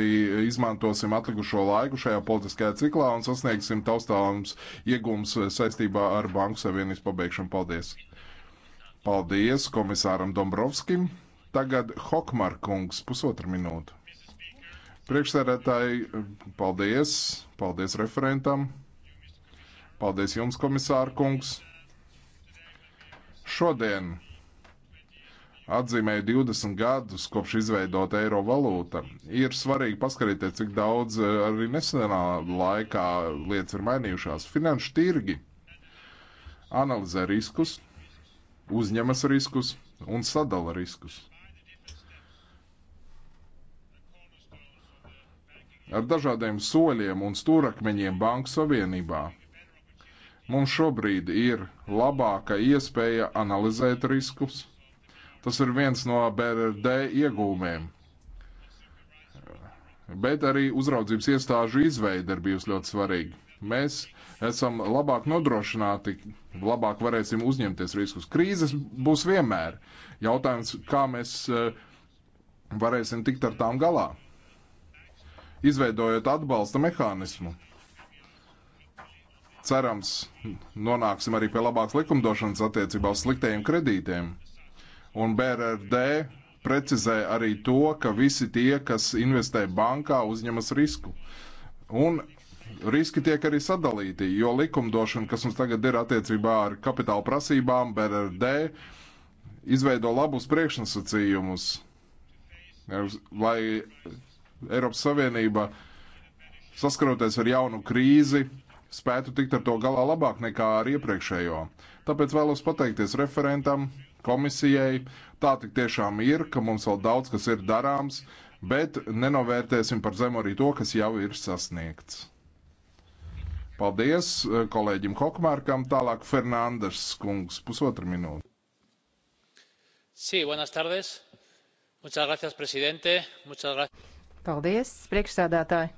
Speaker 4: izmantosim atlikušo laiku šajā politiskajā ciklā un sasniegsim taustāms iegums saistībā ar banku savienības pabeigšanu. Paldies! Paldies komisāram Dombrovskim! Tagad Hokmar kungs pusotru minūtu. Priekšsēdētāji, paldies! Paldies referentam! Paldies jums, komisāra kungs! Šodien! atzīmēja 20 gadus kopš izveidota eiro valūta. Ir svarīgi paskatīties, cik daudz eh, arī nesenā laikā lietas ir mainījušās. Finanšu tirgi analizē riskus, uzņemas riskus un sadala riskus. Ar dažādiem soļiem un stūrakmeņiem Banku Savienībā mums šobrīd ir labāka iespēja analizēt riskus Tas ir viens no BRD iegūmiem. Bet arī uzraudzības iestāžu izveide ir bijusi ļoti svarīga. Mēs esam labāk nodrošināti, labāk varēsim uzņemties riskus. Krīzes būs vienmēr. Jautājums, kā mēs e, varēsim tikt ar tām galā. Izveidojot atbalsta mehānismu, cerams, nonāksim arī pie labākas likumdošanas attiecībā uz sliktajiem kredītiem. Un BRRD precizē arī to, ka visi tie, kas investē bankā, uzņemas risku. Un riski tiek arī sadalīti, jo likumdošana, kas mums tagad ir attiecībā ar kapitāla prasībām, BRRD, izveido labus priekšnosacījumus, eh, lai Eiropas Savienība saskaroties ar jaunu krīzi, spētu tikt ar to galā labāk nekā ar iepriekšējo. Tāpēc vēlos pateikties referentam komisijai. Tā tik tiešām ir, ka mums vēl daudz kas ir darāms, bet nenovērtēsim par zemu arī to, kas jau ir sasniegts. Paldies eh, kolēģim Hokmārkam, tālāk Fernandes kungs, pusotra minūte.
Speaker 2: Sí, buenas tardes. Muchas gracias, presidente.
Speaker 5: Muchas gracias. Paldies, priekšsādātāji.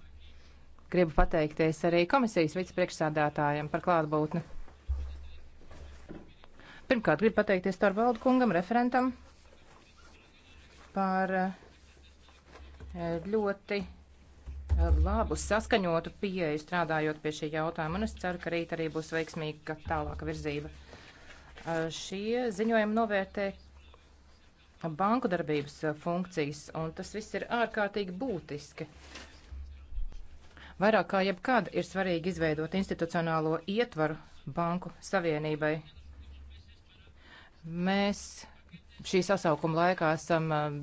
Speaker 5: Gribu pateikties arī komisijas vicepriekšsādātājiem par klātbūtni. Pirmkārt, gribu pateikties Torvaldu kungam, referentam, par eh, ļoti eh, labu saskaņotu pieeju strādājot pie šī jautājuma, un es ceru, ka rīt arī būs veiksmīga tālāka virzība. Eh, šie ziņojumi novērtē banku darbības funkcijas, un tas viss ir ārkārtīgi būtiski. Vairāk kā jebkad ir svarīgi izveidot institucionālo ietvaru banku savienībai, Mēs šī sasaukuma laikā esam eh,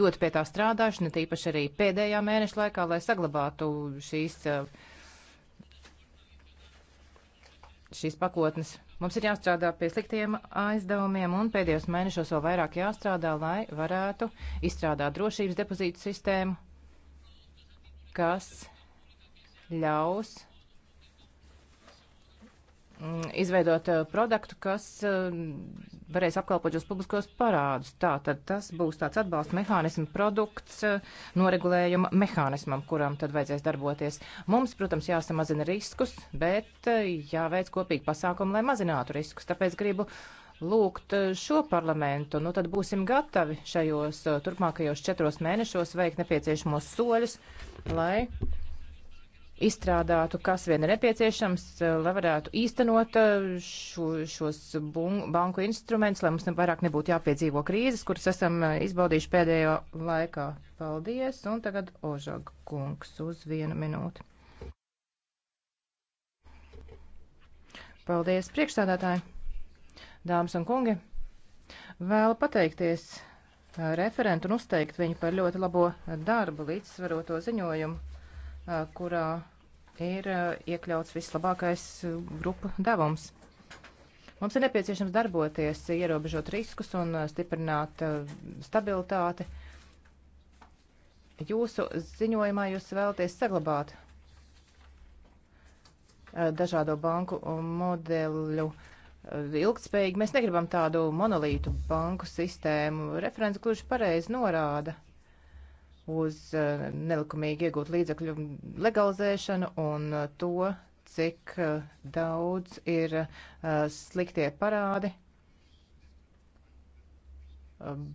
Speaker 5: ļoti pie tā strādājuši, ne tīpaši arī pēdējā mēneša laikā, lai saglabātu šīs, eh, šīs pakotnes. Mums ir jāstrādā pie sliktiem aizdevumiem un pēdējos mēnešos vēl vairāk jāstrādā, lai varētu izstrādāt drošības depozītu sistēmu, kas ļaus mm, izveidot eh, produktu, kas varēs apkalpot šos publiskos parādus. Tātad tas būs tāds atbalsta mehānismu produkts, eh, noregulējuma mehānismam, kuram tad vajadzēs darboties. Mums, protams, jāsamazina riskus, bet eh, jāveic kopīgi pasākumi, lai mazinātu riskus. Tāpēc gribu lūgt eh, šo parlamentu, nu tad būsim gatavi šajos turpmākajos četros mēnešos veikt nepieciešamos soļus, lai izstrādātu, kas vien ir nepieciešams, eh, lai varētu īstenot eh, šo, šos bun, banku instrumentus, lai mums ne, vairāk nebūtu jāpiedzīvo krīzes, kuras esam eh, izbaudījuši pēdējo laikā. Paldies, un tagad Ožag kungs uz vienu minūti. Paldies, priekšstādātāji, dāmas un kungi. Vēlu pateikties referentu un uzteikt viņu par ļoti labo darbu līdzsvaroto ziņojumu kurā ir iekļauts vislabākais grupu devums. Mums ir nepieciešams darboties, ierobežot riskus un stiprināt stabilitāti. Jūsu ziņojumā jūs vēlaties saglabāt dažādo banku modeļu ilgtspējīgi. Mēs negribam tādu monolītu banku sistēmu. Referents gluži pareizi norāda uz eh, nelikumīgi iegūt līdzekļu legalizēšanu un eh, to, cik eh, daudz ir sliktie parādi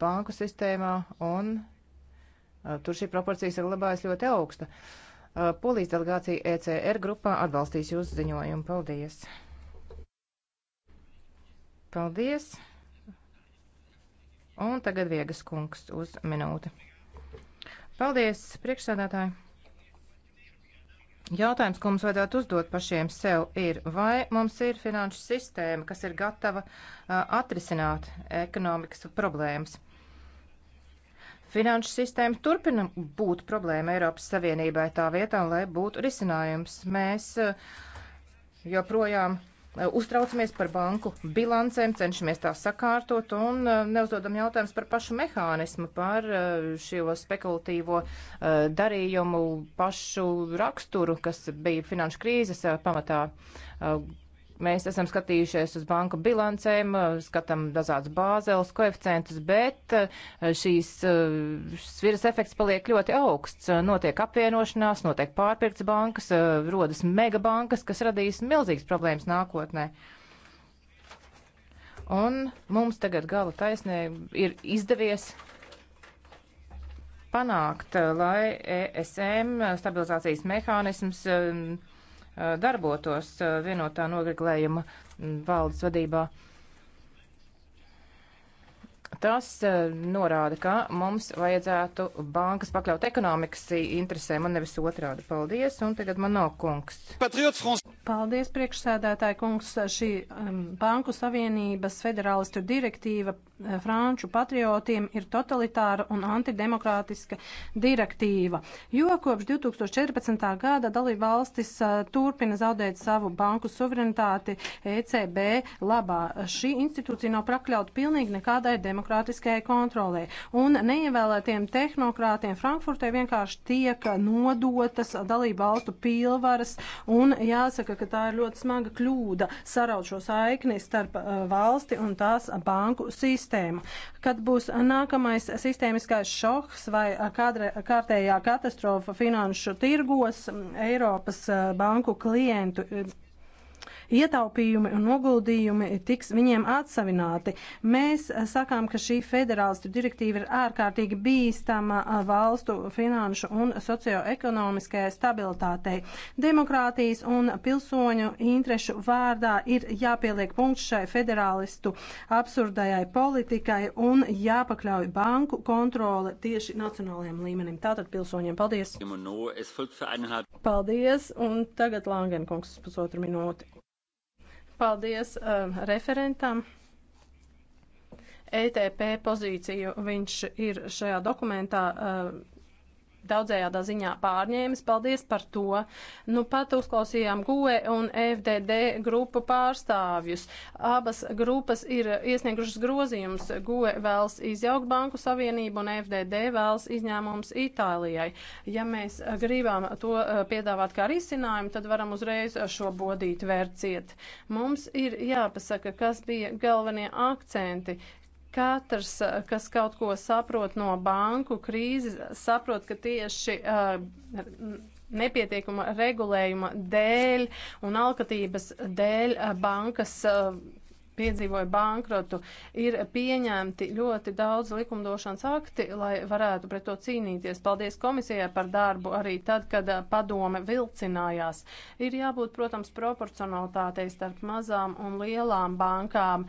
Speaker 5: banku sistēmā, un tur šī proporcija saglabājas ļoti augsta. Polijas delegācija ECR grupā atbalstīs jūsu ziņojumu. Paldies! Paldies! Un tagad Viegas kungs uz minūti. Paldies, priekšsēdētāji! Jautājums, ko mums vajadzētu uzdot pašiem sev, ir, vai mums ir finanšu sistēma, kas ir gatava atrisināt ekonomikas problēmas. Finanšu sistēma turpina būt problēma Eiropas Savienībai tā vietā, lai būtu risinājums. Mēs joprojām Eh, uztraucamies par banku bilancēm, cenšamies tās sakārtot un eh, neuzdodam jautājumus par pašu mehānismu, par eh, šo spekulatīvo darījumu pašu raksturu, kas bija finanšu krīzes pamatā. Mēs esam skatījušies uz banku bilancēm, skatām dažādas bāzeles koeficientus, bet šīs sviras efekts paliek ļoti augsts. Notiek apvienošanās, notiek pārpirkts bankas, rodas megabankas, kas radīs milzīgas problēmas nākotnē. Un mums tagad gala taisnē ir izdevies panākt, lai ESM stabilizācijas mehānisms darbotos vienotā nogreglējuma valdes vadībā. Tas norāda, ka mums vajadzētu bankas pakļaut ekonomikas interesēm un nevis otrādi. Paldies, un tagad man nav kungs. Paldies, priekšsēdētāji kungs. Šī um, Banku Savienības federālistu
Speaker 6: direktīva franču patriotiem ir totalitāra un antidemokrātiska direktīva, jo kopš 2014. gada dalība valstis turpina zaudēt savu banku suverenitāti ECB labā. Šī institūcija nav prakļauta pilnīgi nekādai demokrātiskajai kontrolē, un neievēlētiem tehnokrātiem Frankfurtē vienkārši tiek nodotas dalība valstu pilvaras, un jāsaka, ka tā ir ļoti smaga kļūda saraut šo saikni starp valsti un tās banku sistēmu sistēmu. Kad būs nākamais sistēmiskais šoks vai kādre, kārtējā katastrofa finanšu tirgos, Eiropas eh, banku klientu ietaupījumi un noguldījumi tiks viņiem atsavināti. Mēs eh, sakām, ka šī federālistu direktīva ir ārkārtīgi bīstama eh, valstu finanšu un socioekonomiskajai stabilitātei. Demokrātijas un pilsoņu interešu vārdā ir jāpieliek punkts šai federālistu absurdajai politikai un jāpakļauj banku kontrole tieši nacionālajiem līmenim. Tātad pilsoņiem paldies! Paldies, un tagad Langenkungs uz pusotru minūti. Paldies uh, referentam. ETP pozīciju viņš ir šajā dokumentā uh, daudzējādā ziņā pārņēmis. Paldies par to. Nu, pat uzklausījām GUE un FDD grupu pārstāvjus. Abas grupas ir iesniegušas grozījumus. GUE vēlas izjaukt Banku Savienību un FDD vēlas izņēmums Itālijai. Ja mēs gribam to eh, piedāvāt kā risinājumu, tad varam uzreiz šo bodīt vērciet. Mums ir jāpasaka, kas bija galvenie akcenti. Katrs, eh, kas kaut ko saprot no banku krīzes, saprot, ka tieši uh, nepietiekuma regulējuma dēļ un alkatības dēļ eh, bankas uh, piedzīvoja bankrotu, ir pieņemti ļoti daudz likumdošanas akti, lai varētu pret to cīnīties. Paldies komisijai par darbu arī tad, kad padome vilcinājās. Ir jābūt, protams, proporcionalitātei starp mazām un lielām bankām.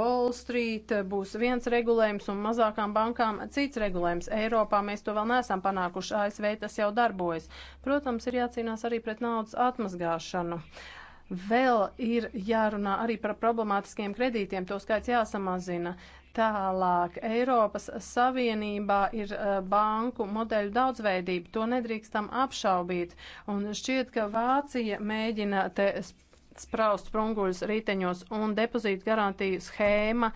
Speaker 6: Wall Street būs viens regulējums un mazākām bankām cits regulējums. Eiropā mēs to vēl neesam panākuši. ASV tas jau darbojas. Protams, ir jācīnās arī pret naudas atmazgāšanu. Uh, Vēl ir jārunā arī par problemātiskiem kredītiem, to skaits jāsamazina. Tālāk Eiropas Savienībā ir e, banku modeļu daudzveidība, to nedrīkstam apšaubīt. Un šķiet, ka Vācija mēģina te spraust sprunguļus riteņos un depozītu garantiju schēma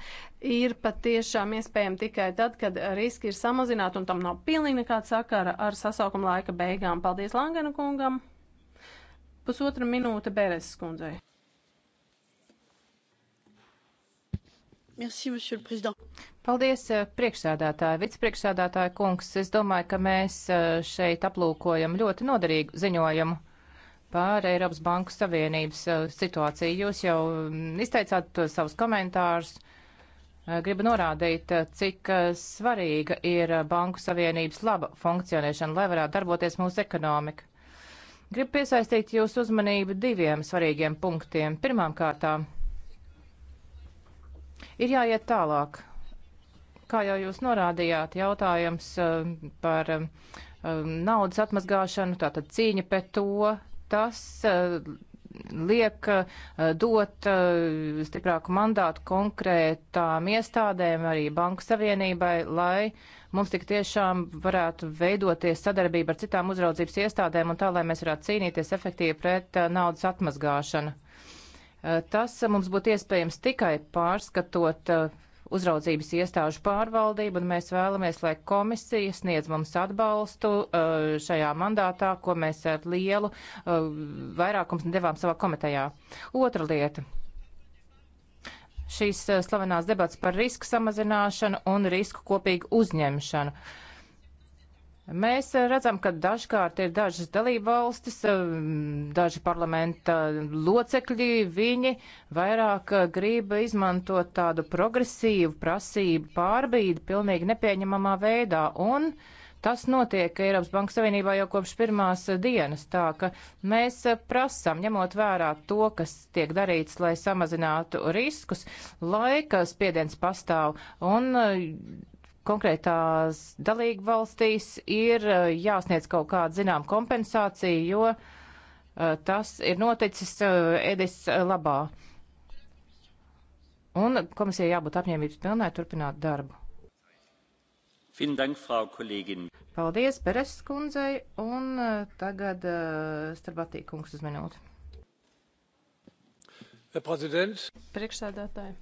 Speaker 6: ir patiešām iespējama tikai tad, kad riski ir samazināti un tam nav pilnīgi nekāda sakara ar sasaukuma laika beigām. Paldies Langana kungam! Pusotra
Speaker 5: minūte Bēres skundzei. Merci, monsieur le président. Paldies, eh, priekšsēdētāji, vicepriekšsēdētāji kungs. Es domāju, ka mēs eh, šeit aplūkojam ļoti noderīgu ziņojumu par Eiropas Banku Savienības eh, situāciju. Jūs jau mm, izteicāt savus komentārus. Gribu norādīt, cik svarīga ir Banku Savienības laba funkcionēšana, lai varētu darboties mūsu ekonomika. Gribu piesaistīt jūsu uzmanību diviem svarīgiem punktiem. Pirmkārt, ir jāiet tālāk. Kā jau jūs norādījāt, jautājums eh, par eh, eh, naudas atmazgāšanu, tātad cīņa pret to, tas liek dot stiprāku mandātu konkrētām iestādēm, arī Banku Savienībai, lai uh, mums tik tiešām varētu veidoties sadarbība ar citām uzraudzības iestādēm un tā, lai mēs varētu cīnīties efektīvi pret uh, naudas atmazgāšanu. Uh, tas uh, mums būtu iespējams tikai pārskatot uzraudzības iestāžu pārvaldību, un mēs vēlamies, lai komisija sniedz mums atbalstu šajā mandātā, ko mēs ar lielu vairākums devām savā komitejā. Otra lieta šīs eh, slavenās debats par risku samazināšanu un risku kopīgu uzņemšanu. Mēs eh, redzam, ka dažkārt ir dažas dalībvalstis, eh, daži parlamenta locekļi, viņi vairāk grib izmantot tādu progresīvu prasību pārbīdi pilnīgi nepieņemamā veidā. Un uh, Tas notiek Eiropas Banka Savienībā jau kopš pirmās dienas, tā ka mēs prasam, ņemot vērā to, kas tiek darīts, lai samazinātu riskus, laika spiediens pastāv un eh, konkrētās dalību valstīs ir eh, jāsniedz kaut kāda zinām kompensācija, jo eh, tas ir noticis Edis labā. Un komisija jābūt apņēmības pilnai turpināt darbu. Paldies Bereses kundzei un eh, tagad eh, Starbatī kungs uz minūti. Priekšsēdētāji.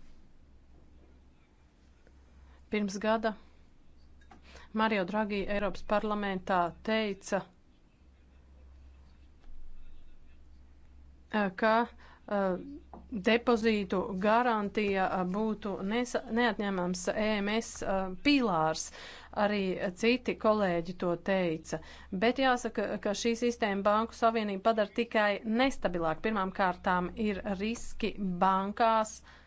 Speaker 6: Pirms gada Mario Draghi Eiropas parlamentā teica, eh, ka uh, depozītu garantija būtu neatņemams EMS uh, pīlārs arī citi kolēģi to teica. Bet jāsaka, ka šī sistēma Banku Savienību padara tikai nestabilāk. Pirmām kārtām ir riski bankās. Uh,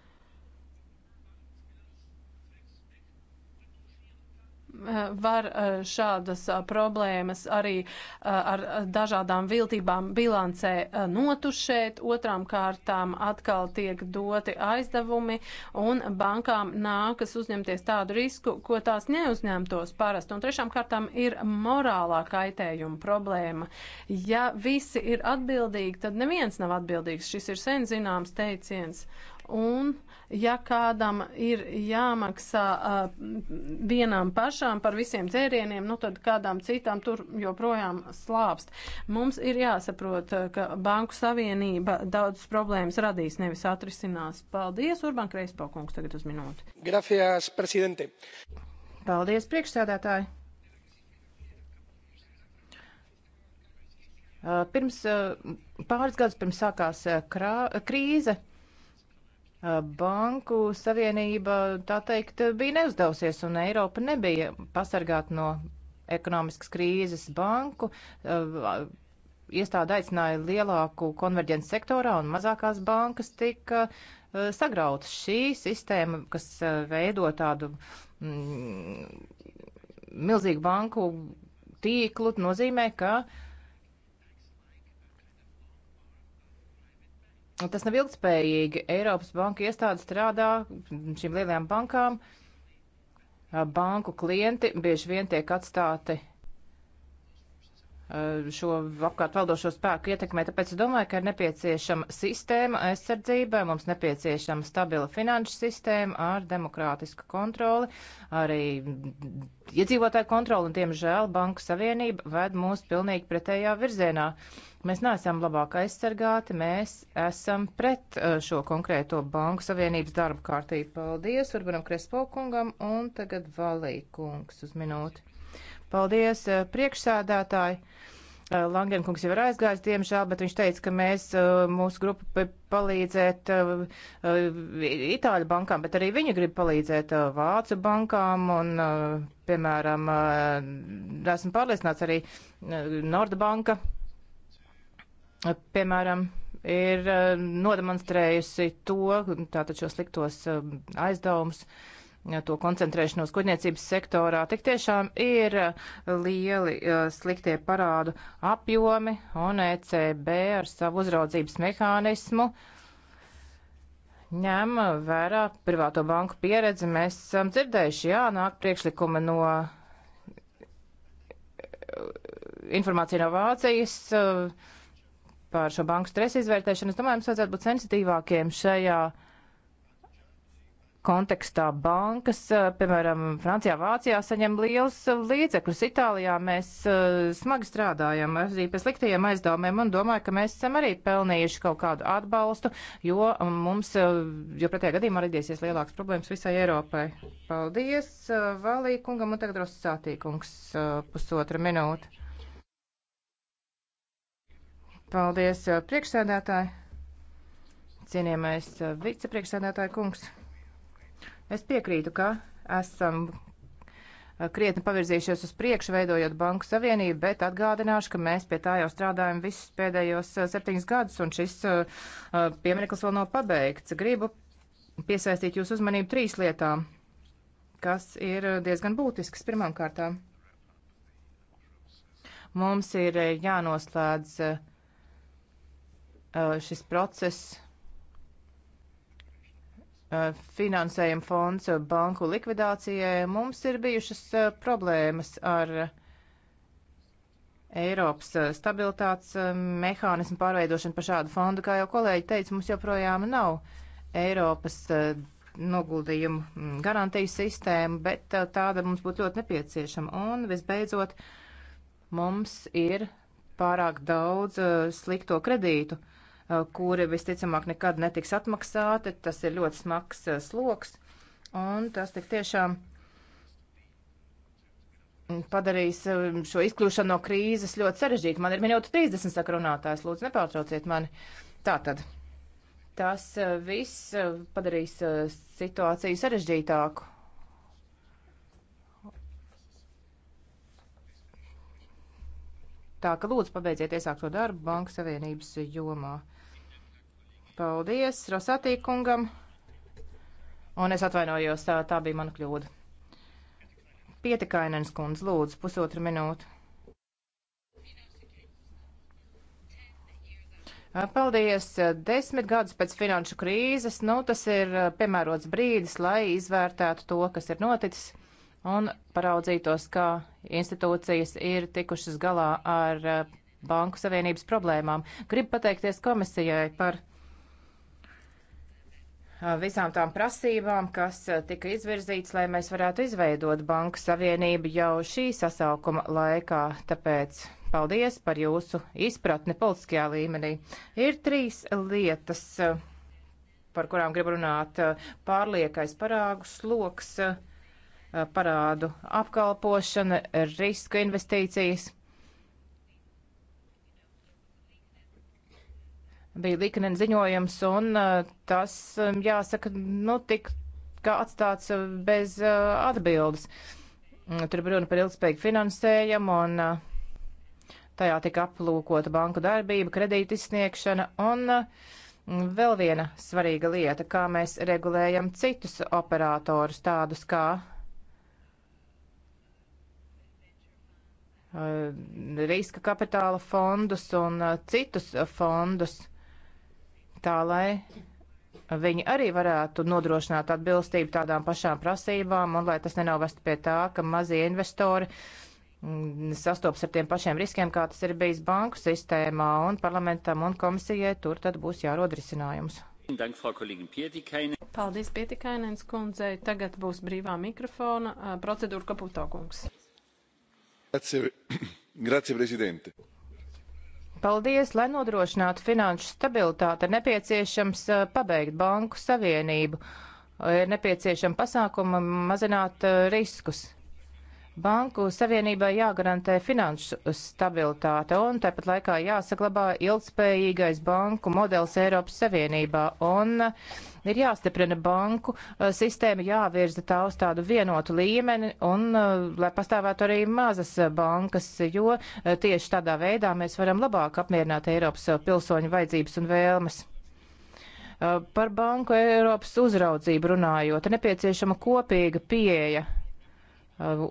Speaker 6: var eh, šādas eh, problēmas arī eh, ar dažādām viltībām bilancē notušēt, otrām kārtām atkal tiek doti aizdevumi un bankām nākas uzņemties tādu risku, ko tās neuzņemtos parasti. Un trešām kārtām ir morālā kaitējuma problēma. Ja visi ir atbildīgi, tad neviens nav atbildīgs. Šis ir sen zināms teiciens. Un, ja kādam ir jāmaksā uh, vienām pašām par visiem dzērieniem, nu tad kādām citām tur joprojām slāpst. Mums ir jāsaprot, ka Banku Savienība daudzas problēmas radīs, nevis atrisinās. Paldies, Urban Kreispo kungs, tagad uz minūti.
Speaker 1: Gracias, prezidente.
Speaker 5: Paldies, priekšsēdētāji. Pirms pāris gadus pirms sākās krā, krīze, Banku savienība, tā teikt, bija neuzdevusies un Eiropa nebija pasargāta no ekonomiskas krīzes banku. Iestāde aicināja lielāku konverģences sektorā un mazākās bankas tika sagrautas. Šī sistēma, kas veido tādu mm, milzīgu banku tīklu, nozīmē, ka uh, Tas nav ilgspējīgi. Eiropas banka iestāde strādā šīm lielajām bankām. Banku klienti bieži vien tiek atstāti Eh, šo apkārt valdošo spēku ietekmē. Tāpēc es domāju, ka ir nepieciešama sistēma aizsardzībai, mums nepieciešama stabila finanšu sistēma ar demokrātisku kontroli, arī iedzīvotāju kontroli, un, diemžēl, Banku Savienība ved mūs pilnīgi pretējā virzienā. Mēs neesam labāk aizsargāti, mēs esam pret eh, šo konkrēto Banku Savienības darba kārtību. Paldies Urbanam Krespokungam un tagad Valī kungs uz minūti. Paldies, eh, priekšsādātāji! Eh, Langenkungs jau ir aizgājis, diemžēl, bet viņš teica, ka mēs, eh, mūsu grupa palīdzēt Itāļu bankām, bet arī viņi grib palīdzēt Vācu bankām un, piemēram, esmu pārliecināts arī Norda banka, piemēram, ir nodemonstrējusi to, tātad šos sliktos aizdevumus to koncentrēšanos kuģniecības sektorā. Tik tiešām ir eh, lieli eh, sliktie parādu apjomi un ECB ar savu uzraudzības mehānismu ņem vērā privāto banku pieredzi. Mēs esam dzirdējuši, jā, nāk priekšlikumi no eh, informācija no Vācijas par šo banku stresa izvērtēšanu. Es domāju, mums vajadzētu būt sensitīvākiem šajā uh, kontekstā bankas, eh, piemēram, Francijā, Vācijā saņem liels eh, līdzekļus. Itālijā mēs eh, smagi strādājam arī pie sliktajiem aizdevumiem un domāju, ka mēs esam arī pelnījuši kaut kādu atbalstu, jo mums, jo pretējā gadījumā radīsies lielāks problēmas visai Eiropai. Paldies Valī kungam un tagad Rosasātīkungs pusotra minūte. Paldies priekšsēdētāji, cienījamais vicepriekšsēdētāji kungs. Es piekrītu, ka esam eh, krietni pavirzījušies uz priekšu, veidojot Banku Savienību, bet atgādināšu, ka mēs pie tā jau strādājam visus pēdējos eh, septiņus gadus, un šis eh, piemineklis vēl nav pabeigts. Gribu piesaistīt jūsu uzmanību trīs lietām, kas ir diezgan būtiskas pirmām kārtām. Mums ir jānoslēdz šis process Eh, finansējuma fonds banku likvidācijai, mums ir bijušas eh, problēmas ar Eiropas eh, stabilitātes mehānismu pārveidošanu par šādu fondu. Kā jau kolēģi teica, mums joprojām nav Eiropas noguldījumu mm, garantijas sistēma, bet tāda mums būtu ļoti nepieciešama. Un visbeidzot, mums ir pārāk daudz slikto kredītu. Uh, kuri visticamāk nekad netiks atmaksāti. Tas ir ļoti smags eh, sloks, un tas tik tiešām padarīs eh, šo izkļūšanu no krīzes ļoti sarežģītu. Man ir minūte 30 sakrunātājs, lūdzu, nepārtrauciet mani. Tātad. Tas eh, viss padarīs situāciju sarežģītāku Tā ka lūdzu pabeidziet iesākto darbu Banku Savienības jomā. Paldies Rosatī kungam. Un es atvainojos, tā, tā bija mana kļūda. Pietikainens kundze, lūdzu, pusotru minūtu. Paldies! Desmit gadus pēc finanšu krīzes, nu tas ir eh, piemērots brīdis, lai izvērtētu to, kas ir noticis un paraudzītos, kā institūcijas ir tikušas galā ar eh, Banku Savienības problēmām. Gribu pateikties komisijai par visām tām prasībām, kas tika izvirzīts, lai mēs varētu izveidot Banku Savienību jau šī sasaukuma laikā. Tāpēc paldies par jūsu izpratni politiskajā līmenī. Ir trīs lietas, par kurām grib runāt - pārliekais parāgu sloks, parādu apkalpošana, risku investīcijas. bija Liknen ziņojums, un uh, tas, um, jāsaka, nu, tik kā atstāts uh, bez uh, atbildes. Mm, tur bija runa par ilgspējīgu finansējumu, un tajā tika aplūkota banku darbība, kredīta izsniegšana, un vēl viena svarīga lieta, kā mēs regulējam citus operatorus, tādus kā riska kapitāla fondus un citus fondus tā lai viņi arī varētu nodrošināt atbilstību tādām pašām prasībām un lai tas nenovestu pie tā, ka mazie investori mm, sastops ar tiem pašiem riskiem, kā tas ir bijis banku sistēmā un parlamentam un komisijai, tur tad būs jārod risinājums.
Speaker 6: Paldies, Pietikainēns kundzei. Tagad
Speaker 5: būs brīvā mikrofona procedūra Kaputo kungs. Grazie, [CLEARS THROAT]
Speaker 4: grazie, prezidente.
Speaker 5: Paldies, lai nodrošinātu finanšu stabilitāti, ir nepieciešams eh, pabeigt banku savienību, ir nepieciešama pasākuma mazināt eh, riskus. Banku savienībai jāgarantē finanšu stabilitāte un tāpat laikā jāsaglabā ilgspējīgais banku modelis Eiropas Savienībā un ir jāstiprina banku eh, sistēma, jāvirza tā uz tādu vienotu līmeni un eh, lai pastāvētu arī mazas eh, bankas, jo tieši tādā veidā mēs varam labāk apmierināt Eiropas pilsoņu vajadzības un vēlmes. Par banku Eiropas uzraudzību runājot, nepieciešama kopīga pieeja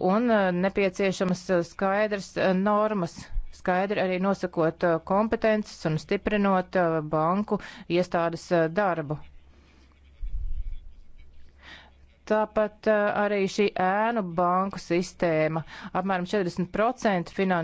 Speaker 5: un eh, nepieciešamas eh, skaidras eh, normas, skaidri arī nosakot kompetences un stiprinot banku iestādes darbu. Tāpat arī šī ēnu banku sistēma, apmēram 40% finanšu.